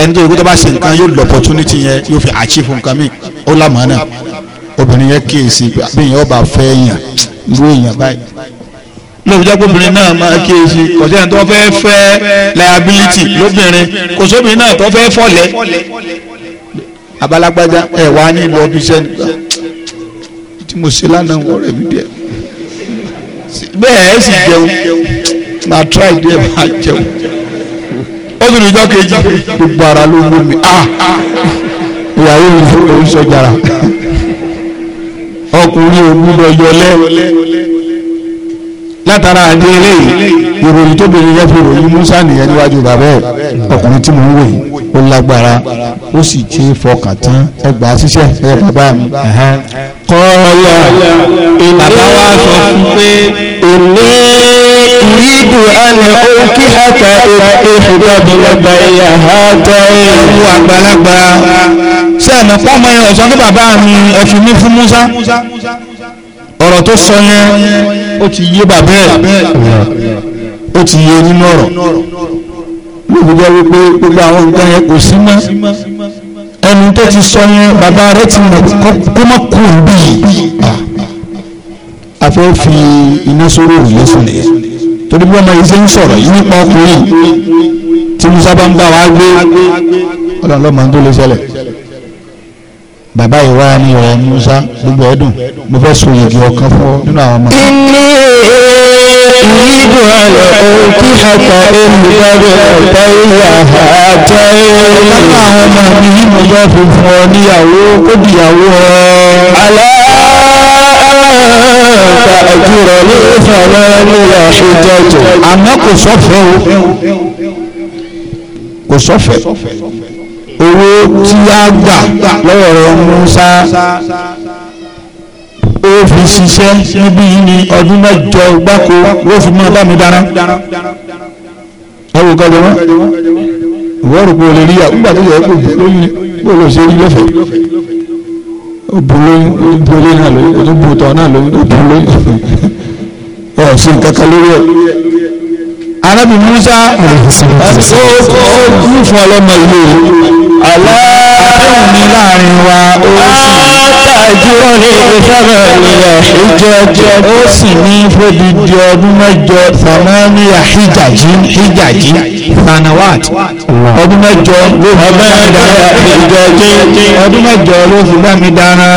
ẹni tó yẹ kó tó bá ṣe nǹkan yóò lọ opportunity yẹn yóò fi achieve nǹkan mi ó lámánà obìnrin yẹn kíyèsí bí èèyàn ọba fẹ́ èèyàn irú èèyàn báyìí lóòjọ́ gbóbìnrin náà máa kíyèsí kọjá ẹni tó fẹ́ fẹ́ liability lóbìnrin kò sóbìnrin náà tó fẹ́ fọ́lẹ̀ abalagbada ẹ wá ní ìlú ọdún dị nígbà tí mo ṣe lánàá wọ́n rẹ̀ mí ẹ sì jẹun máa try díẹ̀ jẹun ó sì kejì gbogbo ara ló mú mi ah ìyàwó mi ló ń sọ jàrà ọkùnrin látara àdé eléyìí ìròyìn tó bèrè yẹ fi ròyìn Musa nìyẹn níwájú bàbá ẹ ọkùnrin tí mo ń wò yìí ó lágbára ó sì ṣe fọkàn tán ẹgbà ṣiṣẹ ẹ bàbá mi. kọ́ọ̀yà bàbá wa sọ fún pé èmi ìrìdù àlẹ́ òkè àtà ìfúgbà bìlẹ̀gbà ìyá àtà ìlú àgbàlagbà sẹ́ẹ̀nà pọ́nmọ́ ẹ̀ ọ̀sán ní bàbá mi ẹ̀fìn mi fún Musa ọ̀rọ̀ tó sọ yẹn ó ti yé bàbá ẹ̀ ó ti yé nínú ọ̀rọ̀ lóògùn jẹ́ wípé gbogbo àwọn nǹkan yẹn kò sí mọ́ ẹni tó ti sọ yẹn bàbá rẹ̀ ti mọ̀ kó mọ̀ kú bí a fẹ́ fi iná sórí òrùlé sùn nìyẹn torí bí ọmọ yìí ṣe ń sọ̀rọ̀ yìí nípa ọkùnrin tí musa bá ń bá wa gbé ọlọ́run ló máa ń tó lè ṣẹlẹ̀ bàbá ìwá ni ọ̀rẹ́ musa gbogbo ẹ̀dùn mo fẹ́ so yègì ọ̀kan fún nínú àwọn ọmọ. ilé ìyídò àlọ́ ohun tí àtà olùdarí ọ̀tá ìyá àjọ ìrìn. nínú àwọn ọmọ mi yìí mo bá fi fún ọ níyàwó kó dìyàwó ọ. àlá àjùrọ̀ ní ìfọ̀lọ́ ní ìyàṣẹ́jọ́jọ́. àmọ́ kò sọ́fẹ̀ẹ́ o kò sọ́fẹ̀ẹ́ owó tí a gbà lọ́wọ́ rẹ̀ Musa ó fi ṣiṣẹ́ níbí yìí ní ọdún mẹ́jọ gbáko ló fi mọ́ bá mi dáná ẹwù kọjọ wọn ìwọ́rù kò lè rí à nígbà tó yẹ kó lóyún kó lọ ṣe rí lọ́fẹ̀ẹ́ obìnrin obìnrin náà lóyún obìnrin náà lóyún obìnrin ọ̀sìn kankan lórí ẹ̀ arábì musa ó fún ọlọ́mọ ìlú aláàbẹ̀wò ní láàrin wa àtàjúwọ́ ní ìfẹ́fẹ́ ìlẹ̀ ìjọjọ́ ó sì ní fódìdí ọdún mẹ́jọ samaniya hijaji hijaji sanawat ọdún mẹ́jọ ló fi bá mi dára ìjọjọ́ ọdún mẹ́jọ ló fi bá mi dára.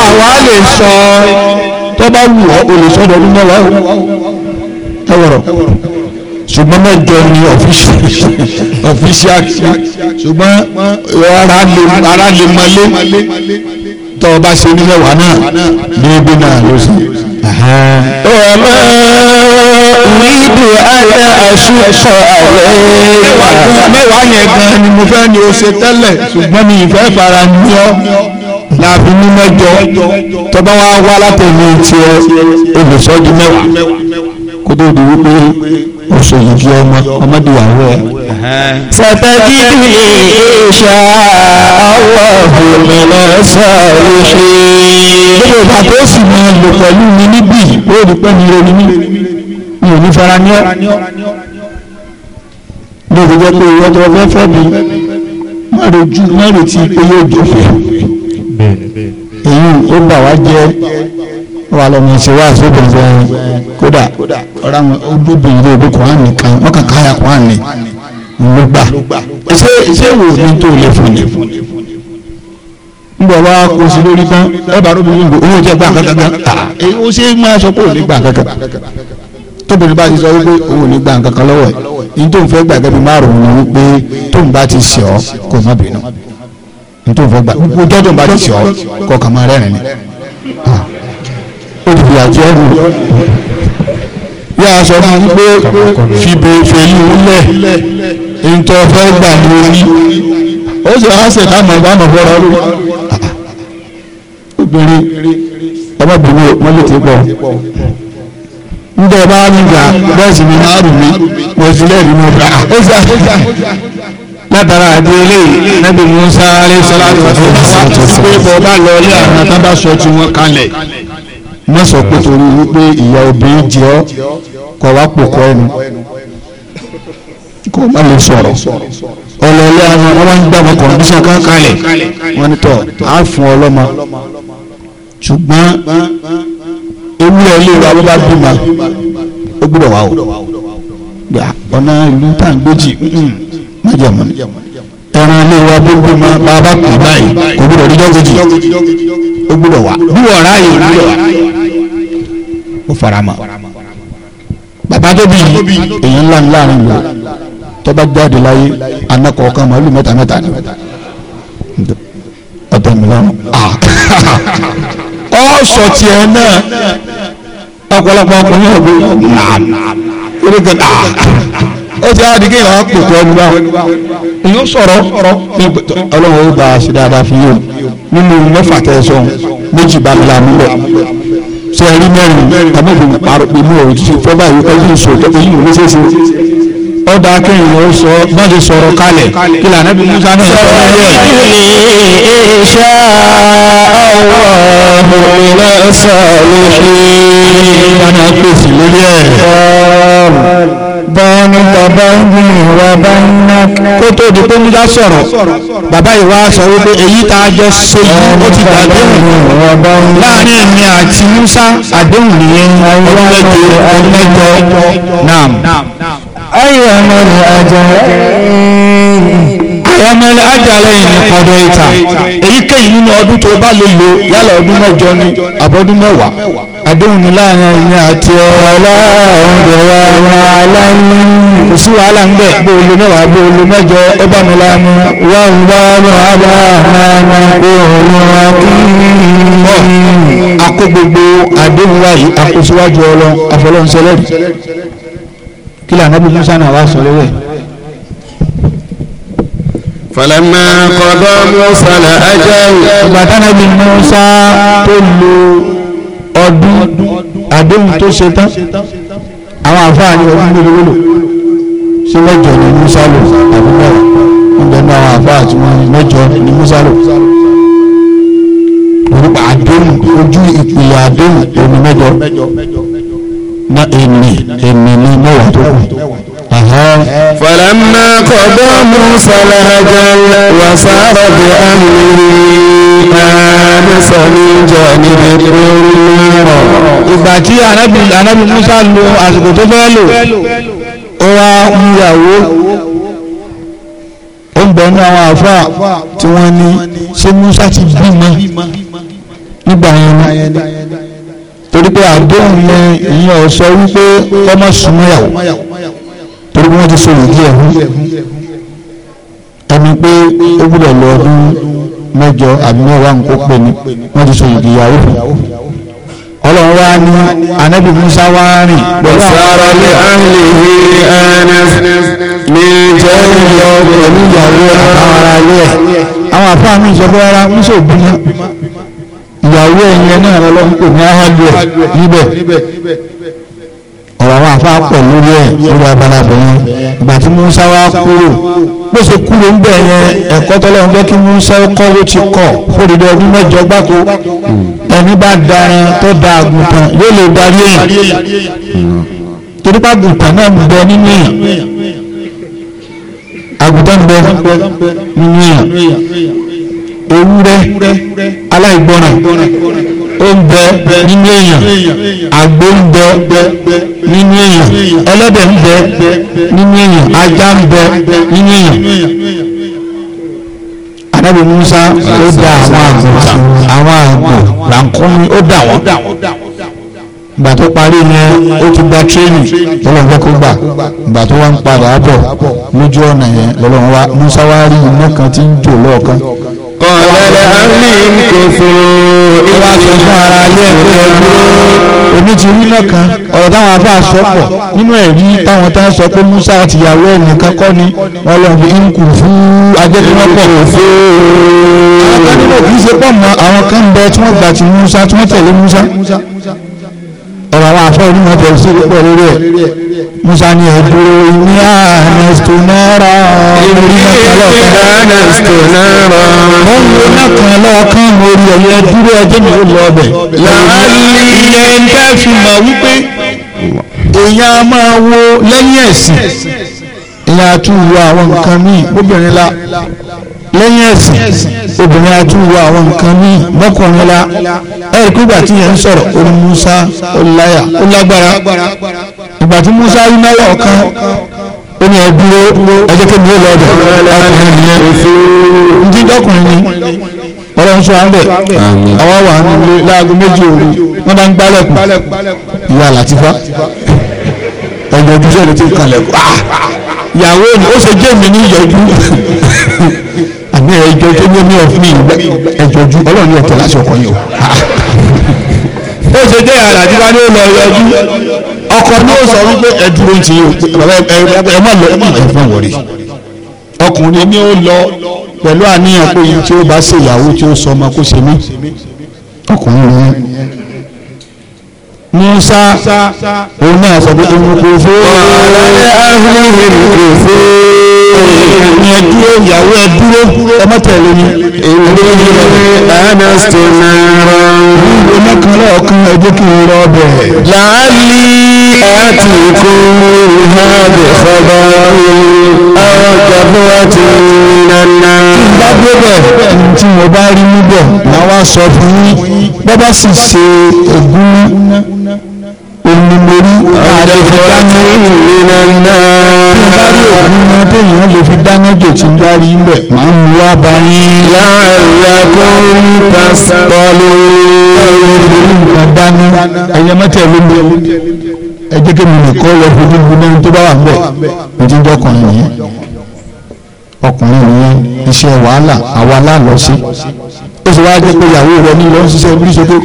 àwa lè sọ tó bá wù ọ́ olùsọ́dọ̀ ọdún mẹ́wàá o ẹ wọ̀rọ̀ ṣùgbọ́n mẹ́jọ ni official ṣùgbọ́n ara lè mọ́lé tó o bá ṣe ní mẹ́wàá náà déédéé náà ló ṣe. ọmọ ìdù ayé àṣùṣọ àlẹ́. mẹ́wàá yẹn gan ni mo fẹ́ ni o ṣe tẹ́lẹ̀ ṣùgbọ́n mi ìfẹ́ fara ní ọ láàbí ní mẹ́jọ tọ́ba wa wá látẹ̀lé tiẹ̀ olùsọ́jú mẹ́wàá kó tó di wípé oṣù yìí di ọmọ ọmọdé ìyàwó ẹ. sàtàjì lè ṣá àwọn òmìnira ṣe. gbogbo ìgbà tó sì máa lò pẹ̀lú mi níbí ó rí pẹ́ mi lórí mi mi ò ní fara ní ọ́. lórí jẹ́ pé ìwọ́n tó fẹ́ fẹ́ mi má retí pé yóò dófin èyí ó bà wá jẹ́ wà lọ́mọ ṣe wá sóbìnrin kódà ọ̀rọ̀ àwọn olóbìnrin ló gbé kùrán nìkan wọ́n kàn káyà kùrán ni ló gbà ṣé ṣé wo ni tó lè fún ni n bọ̀ wá kó sí lórí tán ẹ bá rúbi wíńgò owó jẹ́ gbà kankan ó ṣe máa sọ pé ò ní gbà kankan tóbìnrin bá ti sọ wípé òun ò ní gbà kankan lọ́wọ́ yìí ní tó ń fẹ́ gbàgbẹ́ bí márùn-ún ni wípé tóun bá ti ṣe ọ́ kò má bínú nítorí fẹ́ gbà gbogbo dọ́dún bá ti sọ kọ́ kà máa rẹ́rìn ni olùdí àti ẹrù yà á sọ fún pé fìbè fèlú lẹ̀ ntọ́ fẹ́ gbà ní orí ó sì á sẹ̀ ká mọ̀ bá mọ̀ fọ́ra ló obìnrin ọmọbìnrin wọn lè ti pọ̀ ń bẹ́ẹ̀ bá mi gbà bẹ́ẹ̀ sì rù mí mo ti lẹ́rìí mo gbà ó sì á sẹ́ ká látara àdé eléyìí nábì Musa alayhi salatu wa sallam pé bọ́ bá lọ ilé àwọn tábà sọ tí wọ́n kalẹ̀ má sọ pé torí wípé ìyá obìnrin jẹ ọ́ kọ́ wá pòkọ́ ẹnu kó má lè sọ̀rọ̀ ọlọ́ọ̀lẹ́ àwọn ọmọ ń gbàgbọ́ kọ̀ǹdíṣà kan kalẹ̀ wọ́n ní tọ́ á fún ọlọ́mọ ṣùgbọ́n ewu ẹ̀ lè ra bó bá bímọ ó gbúdọ̀ wá o ọ̀nà ìlú tá à ń gbójì májàmú ni ẹran ilé wa gbogbo ma bàbá kì í báyìí kò gbúdọ̀ rí jọ́kejì ó gbúdọ̀ wà bí wọ́n ráàyè gbúdọ̀ wà ó fara mọ́ bàbá tó bí èyí ńlá ńlá rìn wò tọ́ba jáde láyé anakọ̀ọ̀kan màálù mẹ́ta mẹ́ta ni ọ̀tọ̀ mi lọ́rùn ọ̀sọ̀ tiẹ̀ náà ọ̀pọ̀lọpọ̀ ọkùnrin ọ̀gbìn náà ó rí gbẹ̀dà ó ti á di kéèyàn á pò tó ìlú sọ̀rọ̀ ọlọ́run ó gba ṣe fi yóò nínú mẹ́fà tẹ́ méjì bá mi là bẹ̀ ṣe ẹ rí mẹ́rin tàbí ìlú parọ́ pé mú òun ti fẹ́ báyìí pé yìí sọ tó yìí ló ṣeéṣe ó dá kéèyàn ó sọ má sọ̀rọ̀ kalẹ̀ kí lànà bí musa náà sọ ọ́ ẹ̀ ṣá ọwọ́ òmìnira sọ̀rọ̀ ṣe é wọn á pèsè lórí ẹ̀ bọ́ọ̀nù bàbá ní ìwà bá ń ná kó tó di pé ń dá sọ̀rọ̀ bàbá ìwà sọ wípé èyí tá a jọ ṣe yìí ó ti dàdéhùn láàrin èmi àti Musa àdéhùn nìyẹn ọlọ́jọ ọlọ́jọ naam. ayọ̀ ọmọ rẹ̀ ajá ọmọlẹ ajalẹ yìí kọdọ ìta èyíkéyìí nínú ọdún tó bá lè lò yálà ọdún mẹ́jọ ni àbọ̀dún mẹ́wàá àdéhùn ni láàrin ìyẹn àti ọ̀rọ̀ ọ̀rọ̀ ọ̀rọ̀ aláìní kò sí wàhálà ń bẹ̀ bó olú mẹ́wàá bó olú mẹ́jọ ó bá mi láàmú wọ́n bá wọn bá wọn kó wọn kí akó gbogbo àdéhùn wáyé akóṣíwájú ọlọ àfọlọ́nsẹlẹ́rì kí lànà bí musa náà wá sọ lẹ́wẹ̀. fọlẹ́mà kọ́dọ̀ musa làájẹ́ ìgbàdánà bí musa tó lu ọdún àdéhùn tó ṣe tán àwọn àfáà ní ọdún gbèrèwèlò ṣé mẹ́jọ ni musa lò àbí mẹ́rin ń bẹnu àwọn àfáà tí wọ́n ní mẹ́jọ ni musa lò orúkọ àdéhùn ojú ìpìlẹ̀ àdéhùn òní mẹ́jọ na èmi èmi ní mẹ́wàá tó kù. Uh-huh. فلما قضى موسى الأجل وسار بأمره آنس من جانب النار ìgbà anábì Musa lo àsìkò tó fẹ́ lò ó wá múyàwó ó ń bẹ̀rù àwọn àfà tí wọ́n ní ṣé Musa ti bímọ nígbà yẹn torí pé àdéhùn yẹn ìyẹn ò wípé ọmọ sùnmọ́yàwó bí wọ́n ti so ìdí ẹ̀ fún ẹni pé ó gbúdọ̀ lọ ọdún mẹ́jọ àbí mẹ́wàá nǹkan pè ní wọ́n ti so ìdí ìyàwó fún ọlọ́run wá ní anábì musa wá rìn pẹ̀lú àwọn ọmọ ahìlì ẹnẹf ní jẹ́ ìyọ̀ pẹ̀lú ìyàwó àtàwọn ará ilé ẹ̀ àwọn àfáà mi sọ pé rárá musa ò bímọ ìyàwó ẹ̀yìn ẹ̀ náà lọ́lọ́ ń pè ní ahàlù ẹ̀ níbẹ̀ àwọn àfa pọ̀ lórí ẹ̀ lórí abala bẹ̀rẹ̀ ìgbà tí Musa wá kúrò bó ṣe kúrò ń bẹ̀ yẹn ẹ̀kọ́ tọ́lọ́ ń bẹ́ kí Musa kọ́ ló ti kọ̀ fódìdí ọdún mẹ́jọ gbáko ẹni bá daran tó da àgùntàn yóò lè darí èèyàn torí bá àgùntàn náà ń bẹ nínú èèyàn àgùntàn ń bẹ nínú èèyàn ewúrẹ́ aláìgbọràn ó ń bẹ nínú èèyàn àgbò ń bẹ nínú èèyàn ẹlẹ́dẹ̀ ń nínú èèyàn ajá ń nínú èèyàn. Ànábì Musa ó dá àwọn àgùntàn àwọn àgbò làǹkómi ó dá wọn ìgbà tó parí yẹn ó ti gba tírénì lọ́lọ́gbọ́ kó gbà ìgbà tó wá ń padà bọ̀ lójú ọ̀nà yẹn lọ́lọ́wọ́ Musa wá rí iná kan tí ń jò lọ́ọ̀kan kọ̀ọ̀lẹ́lẹ́ amín kò fò ìwà sọ fún ara ilé ẹ̀kọ́ ẹ̀dúró omi ti rí lọ́kàn ọ̀rọ̀ táwọn afá sọ́pọ̀ nínú ń Musa àti ìyàwó ẹ̀ nìkan kọ́ ni wọ́n lọ fi ń kù fún ajẹ́kùnrọ́pọ̀ àwọn kan nínú kì mọ́ àwọn kan bẹ tí wọ́n gbà tí Musa tí wọ́n tẹ̀lé Musa ọ̀rọ̀ àwọn afẹ́ onímọ̀ tẹ̀lé sí pẹ̀lú lórí ẹ̀ musa ni ẹ̀dúró ní àánẹ́sítò náírà onímọ̀ kan lọ́ọ̀kan mo ń wo nákan lọ́ọ̀kan orí ẹ̀yẹ dúró ẹjẹ́ mi ò lọ ọbẹ̀. láàlì ilẹ̀ ń bẹ́ fi mọ̀ wípé èèyàn a máa wo lẹ́yìn ẹ̀sìn èèyàn a tún wo àwọn nǹkan míì obìnrin la lẹ́yìn ẹ̀sìn obìnrin ajúwa àwọn nǹkan ní mọ́kànlá la ẹ̀rí pígbà tí yẹn ń sọ̀rọ̀ ó Musa ó láyà ó lágbára ìgbà tí Musa rí náírà ọ̀kan ó ní ẹ dúró ẹjẹ́ kí mi ó lọ ọ̀dọ̀ ọkùnrin nìyẹn ń dín dọ́kùnrin ni ọlọ́run sọ àbẹ̀ àwọn wà nílé láago méjì òru wọ́n bá ń gbálẹ̀kùn ìwà làtífà ẹ̀jẹ̀ ojúṣe ni ti ń kalẹ̀kùn ah! ìyàwó ni ó ṣe jẹ́ mi ní ìyọ̀jú àmì ẹjọ́ tó ní omi ọ̀fun ẹjọ́ ju ọlọ́run yóò tọ́ láti ọkọ yìí o. ó ṣe jẹ́ àlàjì wa ní olọ yọjú ọkọ ní ó sọ wípé ẹ ti ẹ má lọ ẹ fún wọlé ọkùnrin ni ó lọ pẹ̀lú àníyàn pé yìí tí ó bá ṣèyàwó tí ó sọ ọmọ kó ṣe mí ọkùnrin nìyẹn. Musa òun náà sọ pé ìmùkù fún ọ̀rẹ́ ẹ̀hìn ìrìnkù fún ẹ̀yìn ẹ̀dúró ìyàwó ẹ̀dúró ẹmọ́tẹ̀lẹ́ni ìdílé ánàstò náírà. ìgbóná kan lọ́ọ̀kan ẹbí kì í rọ bẹ̀. làálì àti ìkún ìhàbẹ̀ fọba àwọn ìjàmbá wa ti nana. tí n bá débẹ̀ tí mo bá rí níbẹ̀ làwọn sọ fún yín bọ́ sì ṣe ògún náà onímọ̀rí àdèfìdáná ìlera náà. bí n bá rí òkú náà téèyàn lè fi dáná jò tí n bá rí ilẹ̀ máa ń mú wá bá yín. láàrá tó ń ta sọ́ọ́lù. báwo ni mo ní nǹkan dáná ẹ̀yẹ mọ́tẹ̀lú mi ẹ jẹ́ kí mi nìkan lọ fojú gbóná tó bá wà ń bẹ̀ mo ti ń jẹ́ ọkùnrin nìyẹn ọkùnrin nìyẹn iṣẹ́ wàhálà àwa láàlọ́ sí ó sì wá jẹ́ pé ìyàwó rẹ ní ìlọ́síṣẹ́ orí ṣogbó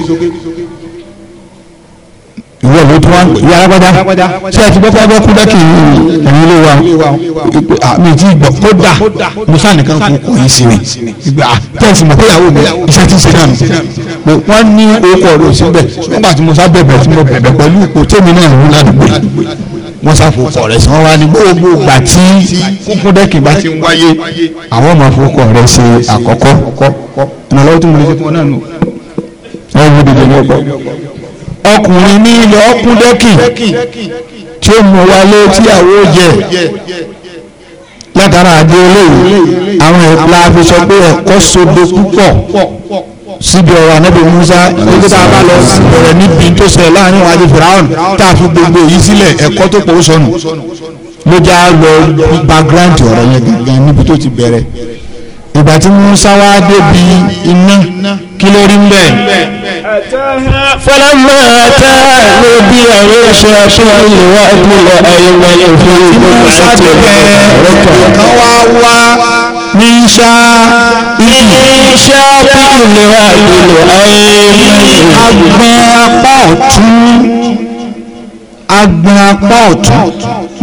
ìyá alágbádá tí a ti gbọ́ pé kú bẹ́ẹ̀ kì í ẹ̀yin wa mi ti gbọ́ kódà musa nìkan kò kò yín sí mi ìgbà tẹ̀sí mọ̀ pé mi iṣẹ́ ti ṣe náà nù wọ́n ní orúkọ rẹ̀ síbẹ̀ nígbà tí musa bẹ̀bẹ̀ tí mo bẹ̀bẹ̀ pẹ̀lú ipò tèmi náà ń ládùúgbò wọ́n ṣàfòkọ̀ rẹ̀ sí wọ́n wá ní gbogbo ìgbà tí kúkúdẹ́kì bá ti ń wáyé àwọn ọmọ àfòkọ̀ rẹ̀ ṣe àkọ́kọ́ ìrànlọ́wọ́ tí mo lè ṣe fún ọ náà nù. ẹ wọ́n dìde ní ọkọ̀ ọkùnrin ní ilẹ̀ ọkúndẹ́kì tí ó mú wálé tíyàwó jẹ látara àdé olóyè àwọn ẹ̀pla fi sọ pé ẹ̀kọ́ sodo púpọ̀ síbi ọ̀rọ̀ anábì Musa nígbà tá a bá lọ bẹ̀rẹ̀ níbi tó ṣẹlẹ̀ láàrin wọn àti firaun tá a fi gbogbo èyí sílẹ̀ ẹ̀kọ́ tó pọ̀ ó sọnù ló já lọ background ọ̀rọ̀ yẹn gangan níbi tó ti bẹ̀rẹ̀ ìgbà tí Musa wá débi iná kí ló rí mbẹ. fọlọ́mọ ata ló bí àwọn oṣù àṣọwọ́ ìwà ìpínlẹ̀ ayélujára ìfún ìlú ìṣàtì ọ̀rọ̀kọ̀. kan wá wá ní ṣá iṣẹ́ ìpínlẹ̀ ayélujára ìfún ìlú ìṣàtì ọ̀rọ̀kọ̀. agbọn apá ọ̀tún agbọn apá ọ̀tún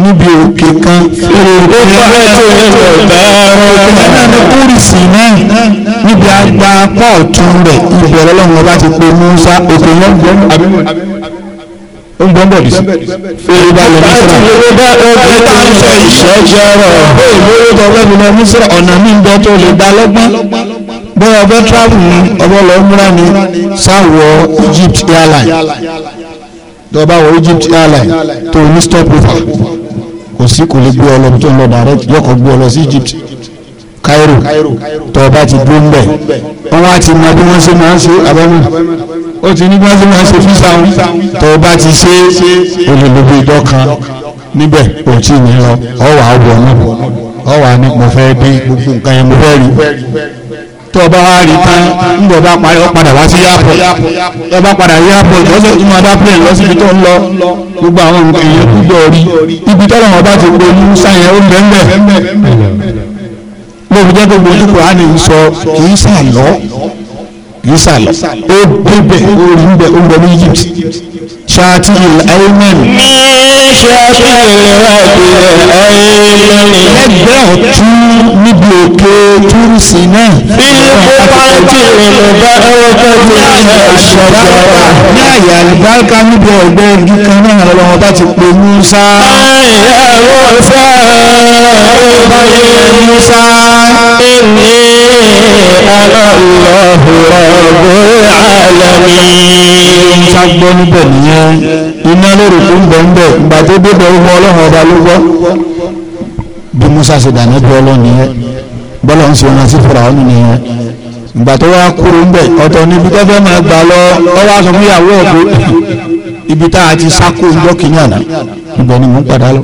níbi òkè kan èrò fẹ́rẹ́ tó ń lọ bẹ́ẹ̀rọ òkè náà ní kúrìsì náà níbi agbọn apá ọ̀tún rẹ̀ ibẹ̀ ọlọ́run ọba ti pe Musa òkè náà ó ń gbọ́n bọ̀dì sí. Yorùbá lọ Mísírà. Yorùbá ọgbẹ́ tá a sọ yìí. Ìṣọ́jọ́ rọ̀. Yorùbá ọgbẹ́ mi lọ Mísírà ọ̀nà mi ń bẹ tó lè dá lọ́gbọ́n bọ́ọ̀ ọbẹ̀ travel ni ọbẹ̀ lọ́ọ́ múra ni sáwọ̀ Egypt airline dọba wọ Egypt airline tó ní stopover kò sí kò lè gbé ọ lọ tó ń lọ direct yọkọ gbé ọ lọ sí Egypt Cairo tọba ti dúró ńbẹ wọn wá ti mọ bí wọn ṣe máa ń ṣe abẹ́mọ ó ti ní bí wọn ṣe máa ń ṣe físà wọn tọba ti ṣe olùlùgbé ìjọ kan níbẹ̀ kò tí ì ní lọ ọ wà á wọ̀ náà ọ wà á ní mo fẹ́ dé gbogbo nǹkan yẹn mo fẹ́ rí tó bá wá rí tán ń bọ̀ bá parí ó padà wá sí yàpọ̀ tó bá padà yàpọ̀ ìtọ́sẹ̀ tó máa bá plẹ̀ lọ síbi tó ń lọ gbogbo àwọn nǹkan èèyàn kú gbọ́ rí ibi tọ́lọ̀ wọn bá ti gbé ní sáyẹn ó bẹ́ẹ̀ bẹ́ẹ̀ lóòótọ́ gbogbo ojú kò á ní sọ kì í sàlọ́ yísà lọ ó débẹ̀ ó rí bẹ̀ ó lọ ní Egypt ṣáàtì ìlànìmẹ́n. ní ṣáàtì ìlànìmẹ́n. lẹ́gbẹ̀ẹ́ ọ̀tún níbi òkè túrúsì náà. fílípù pàǹtì ìrìnàbá ọlọ́kọ̀ọ́bù ní àṣọjọba. ní àyè àlùbáríkà níbi ọ̀gbẹ́ igi kan náà lọ́wọ́ bá ti pe Musa. ayé àwọn sáà ó bá yẹ Musa. ẹnì aláàlọ́hù ọ̀gbọ́n iná lórí tó ń bọ̀ ń bẹ̀ ìgbà tó débẹ̀ ọgbọ́n ọlọ́run ọba ló gbọ́ bí Musa ṣe dà níbi ọlọ́run yẹn bọ́lá ń ṣe ọ̀nà sí fúra ọ̀nù nìyẹn ìgbà tó wá kúrò ń bẹ̀ ọ̀tọ̀ níbi tó fẹ́ máa gbà lọ ọwọ́ aṣọ fún ìyàwó ọ̀gbọ́n ibi tá a ti sáko ń bọ́ kìnyànà ìgbà ni mò ń padà lọ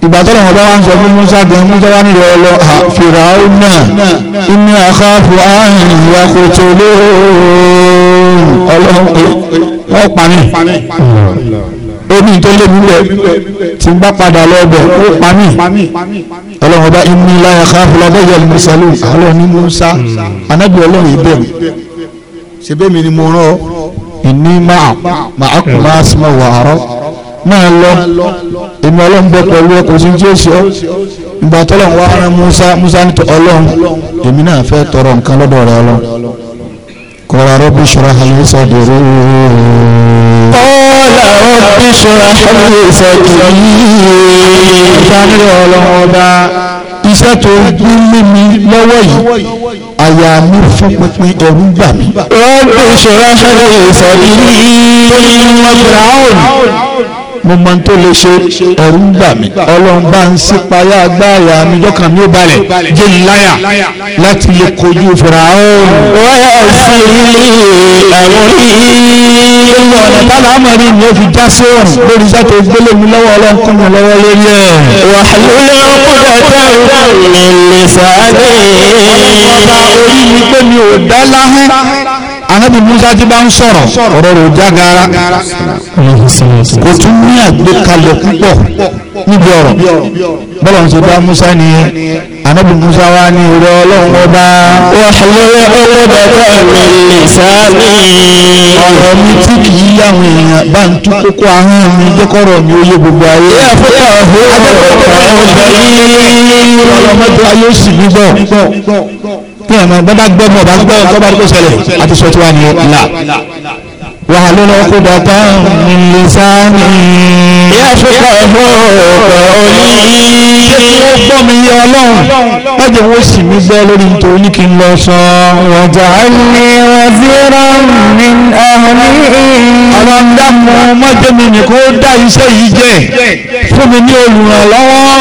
ìgbà tó lọ́wọ́ bá wá ń sọ fún Musa gan Musa wá nílò ọlọ Fìràúnà inú àkáàfù ààrùn ìwà kò tó lóòrùn ọlọ́run ọ̀ pàmì omi tó lé mi bẹ tí n bá padà lọ bẹ ó pàmì ọlọ́run bá inú láyà káàfù lábẹ́yẹ mùsàlù àlọ́ ní Musa anábì ọlọ́run ìbẹ̀rù ṣebí mi ni mo rán ìní máa máa kò máa sọ wàárọ̀ máa lọ èmi ọlọ́run bẹ pẹ̀lú ẹ kò sí tí ó ọ́ ìgbà tọ́lọ̀ wá rán Musa Musa ní ọlọ́run èmi náà fẹ́ tọrọ nǹkan lọ́dọ̀ rẹ ọlọ́run kọ́ra rọ́bì ṣọ́ra àyè sọ̀dọ̀rọ̀ kọ́ra rọ́bì ṣọ́ra àyè sọ̀dọ̀rọ̀ ìdánílé ọlọ́run ọba iṣẹ́ tó gbé lé mi lọ́wọ́ yìí àyà mi fún pínpín ẹ̀rú gbà mí. rọ́bì ṣọ́ra àyè sọ̀dọ̀rọ̀ ìyí wọn mo mọ tó lè ṣe ẹ̀rù ń bà mí ọlọ́run ń sípayá agbára mi dọ́kàn mi ó balẹ̀ jẹ́ ńláyà láti lè kojú Fáráò. wáyà sí ilé àwọn yìí. gbogbo ọ̀nà táwọn amọ̀rí ni ó fi já sí ọ̀run lórí sátẹ gbélé mi lọ́wọ́ ọlọ́run mi lọ́wọ́ lórí ẹ̀. wàhálà ọ̀pọ̀lọpọ̀ ní lè sáré. ọlọ́run ọba orí mi pé mi ò dá láhẹ́ anabi musa ti bá ń sọ̀rọ̀ ọ̀rọ̀ rẹ̀ jágara kò tún ní àgbékalẹ̀ púpọ̀ níbi ọ̀rọ̀ bọ́lá ń ṣe bá musa nìyẹn anabi musa wa ní ìrẹ́ ọlọ́run ọba. wà á lọ ọwọ́ bàbá mi lè sáré. ọ̀rọ̀ mi tí kì í yàwọn èèyàn bá ń tú kókó ahọ́n mi jẹ́kọ̀rọ̀ mi ó yé gbogbo ayé. ìyá fúnra ọ̀hún ọ̀rọ̀ ọ̀rọ̀ ọ̀rọ̀ ọ̀rọ̀ ọ̀rọ̀ ọ̀rọ̀ ọ̀rọ̀ ọ̀rọ̀ ọ̀rọ̀ ọ̀rọ̀ ọ̀rọ̀ ọ̀rọ̀ ọ̀rọ̀ ọ̀rọ̀ ọ̀rọ̀ ọ̀rọ̀ ọ̀rọ̀ ọ̀rọ̀ ní ẹ̀mọ́ bọ́bá gbẹ́mọ̀ bá gbẹ́ ọ̀tọ́ bá gbẹ́sẹ̀lẹ̀ àti sọ́tí wà ní ìlà wà lọ́lọ́ kó bàtà nílé sáàmì yáṣọ́kọ̀ ẹ̀fọ́ ọ̀pọ̀ òní ó gbọ́ mi yé ọlọ́run lọ́jọ́ wo sì mí gbẹ́ lórí nítorí kí n lọ sọ wọ̀jà ní wàzírà ní ahli àwọn dámú mọ́jẹ́mi nìkan ó dá iṣẹ́ yìí jẹ́ fún mi ní olùrànlọ́wọ́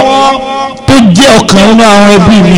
tó jẹ́ ọ̀kan nínú àwọn ẹbí mi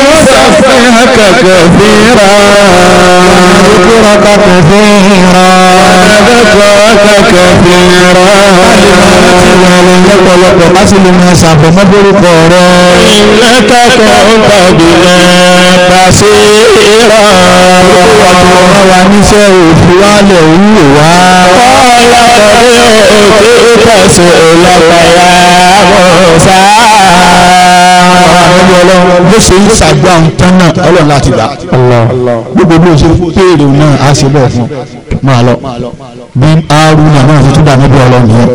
نسبحك كثيرا ونذكرك كثيرا ونذكرك كثيرا lọ́pọ̀lọpọ̀ láti lè máa ṣàfọ̀mọ́ bórúkọ rẹ̀. ìlẹ́kẹ̀kọ̀ tàbílẹ̀ pàṣẹ ìrà. ó wà níṣẹ́ òfin wálẹ̀ wúwo wá lọ́kọ̀ọ́lọ́kọ̀ọ́ tẹ̀sùn ìlọ́pọ̀ ya Mùsá. àwọn ọlọ́run bó ṣe ń ṣàgbà nǹkan náà ọlọ́run láti gbà gbogbo bí o ṣe fèrè náà á ṣe bọ̀ fún máa lọ bí arúnà náà ti tún dà níbi ọlọ́run yẹn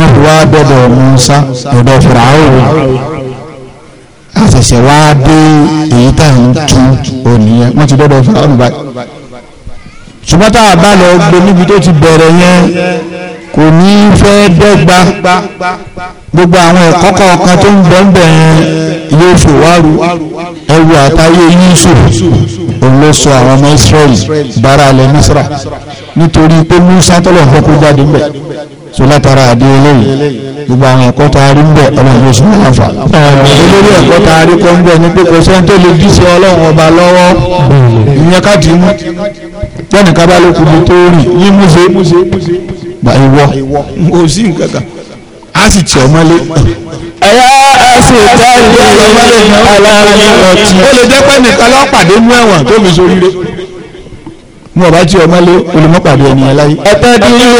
wọ́n fi wá gbọ́dọ̀ Mùsá ọ̀dọ̀ Fìràwọ̀ àṣẹ̀ṣẹ̀ wá dé èyí tá à ń tu òní yẹn wọ́n ti gbọ́dọ̀ Fìràwọ̀ báyìí ṣùgbọ́n tá a bá lọ gbé níbi tó ti bẹ̀rẹ̀ yẹn kò ní í fẹ́ dọ́gba gbogbo àwọn ẹ̀kọ́ kọ̀ọ̀kan tó ń bọ̀ ń bẹ̀ yẹn yóò ṣòwárù ẹrù àtayé Yusuf òun ló sọ àwọn ọmọ Israẹli bára alẹ́ Misra nítorí pé Musa tọ́lọ̀ ń kọ́kọ́ jáde ń bẹ̀ so látara àdé eléyìí gbogbo àwọn ẹ̀kọ́ tá a rí ń bẹ̀ ọlọ́run yóò sún wọn fà. olórí ẹ̀kọ́ tá a rí kọ́ ń bẹ̀ ni pé kò sẹ́ni tó lè díṣe ọlọ́run ọba lọ́wọ́ ìyẹn ká dì mú tẹ́nì ká bá lókun mi tó rìn yín múse gbà ìwọ mo sì ń kankan a sì tì ọ mọ́lé. ẹ̀yà àṣẹ ìtàlẹ̀ aláàrin ọ̀tún. ó lè jẹ́ pé nìkan lọ́ọ́ pàdé mú ẹ̀wọ̀n tó mi sóríire mú ọba tí ọmọ lé olùmọ́pàdé ẹni aláyé. ọ̀tọ́dúnrún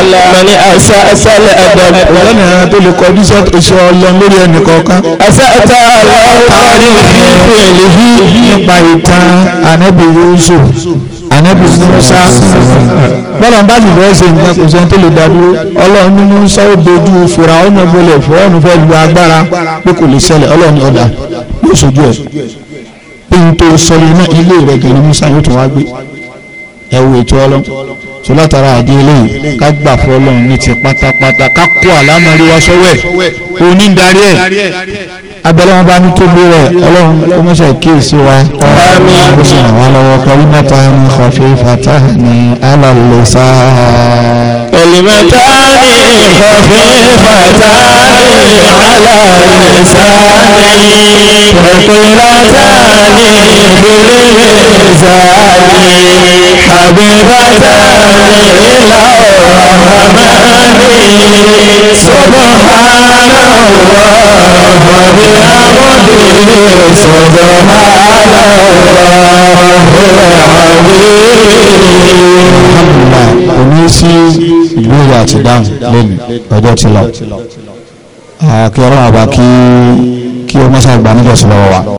àlà mọ̀ní àṣà àṣàlẹ̀ àdàmú. ọ̀lànà ìran tó lè kọ díṣọ́ iṣẹ́ ọlọ́run lórí ẹnì kọ̀ọ̀kan. àṣà àṣà àlọ́ ọ̀tá ànábì musa bọ́lá ń bá lùlọ ẹsẹ̀ nǹkan kò sẹ́ni tó lè dádúró ọlọ́run ní musa ó dojú fura ọ̀nà ìbọlẹ̀ fún ọ̀nà fẹ́ lu agbára pé kò lè ṣẹlẹ̀ ọlọ́run ọ̀dà yóò ṣojú ẹ̀ pé n tó sọ ní ilé rẹ̀ gẹ̀ẹ́ni musa yóò tún wá gbé ẹwù ètò ọlọ́ tó àdé eléyìí ká gbà fọlọ́n ní ti pátápátá ká kó àlámọ́rí wa sọ́wọ́ ẹ̀ onídarí ẹ̀ abẹ́lẹ́ bá ní tóbi rẹ̀ ọlọ́run kó kíyèsí wa kó sì ràn wá lọ́wọ́ pẹ̀lú ní kọfí fata ní alàlùsá. كلمتان خفيفتان على لساني ثقيلتان بلساني حبيبتان إلى الرحمن سبحان الله وبحمده سبحان الله العظيم. الحمد لله ìbéèrè àti dáhùn lónìí ọjọ́ ti lọ kí ọlọ́run àbá kí ó mọ́ṣáà gbà níjọ́sìn lọ́wọ́ wa.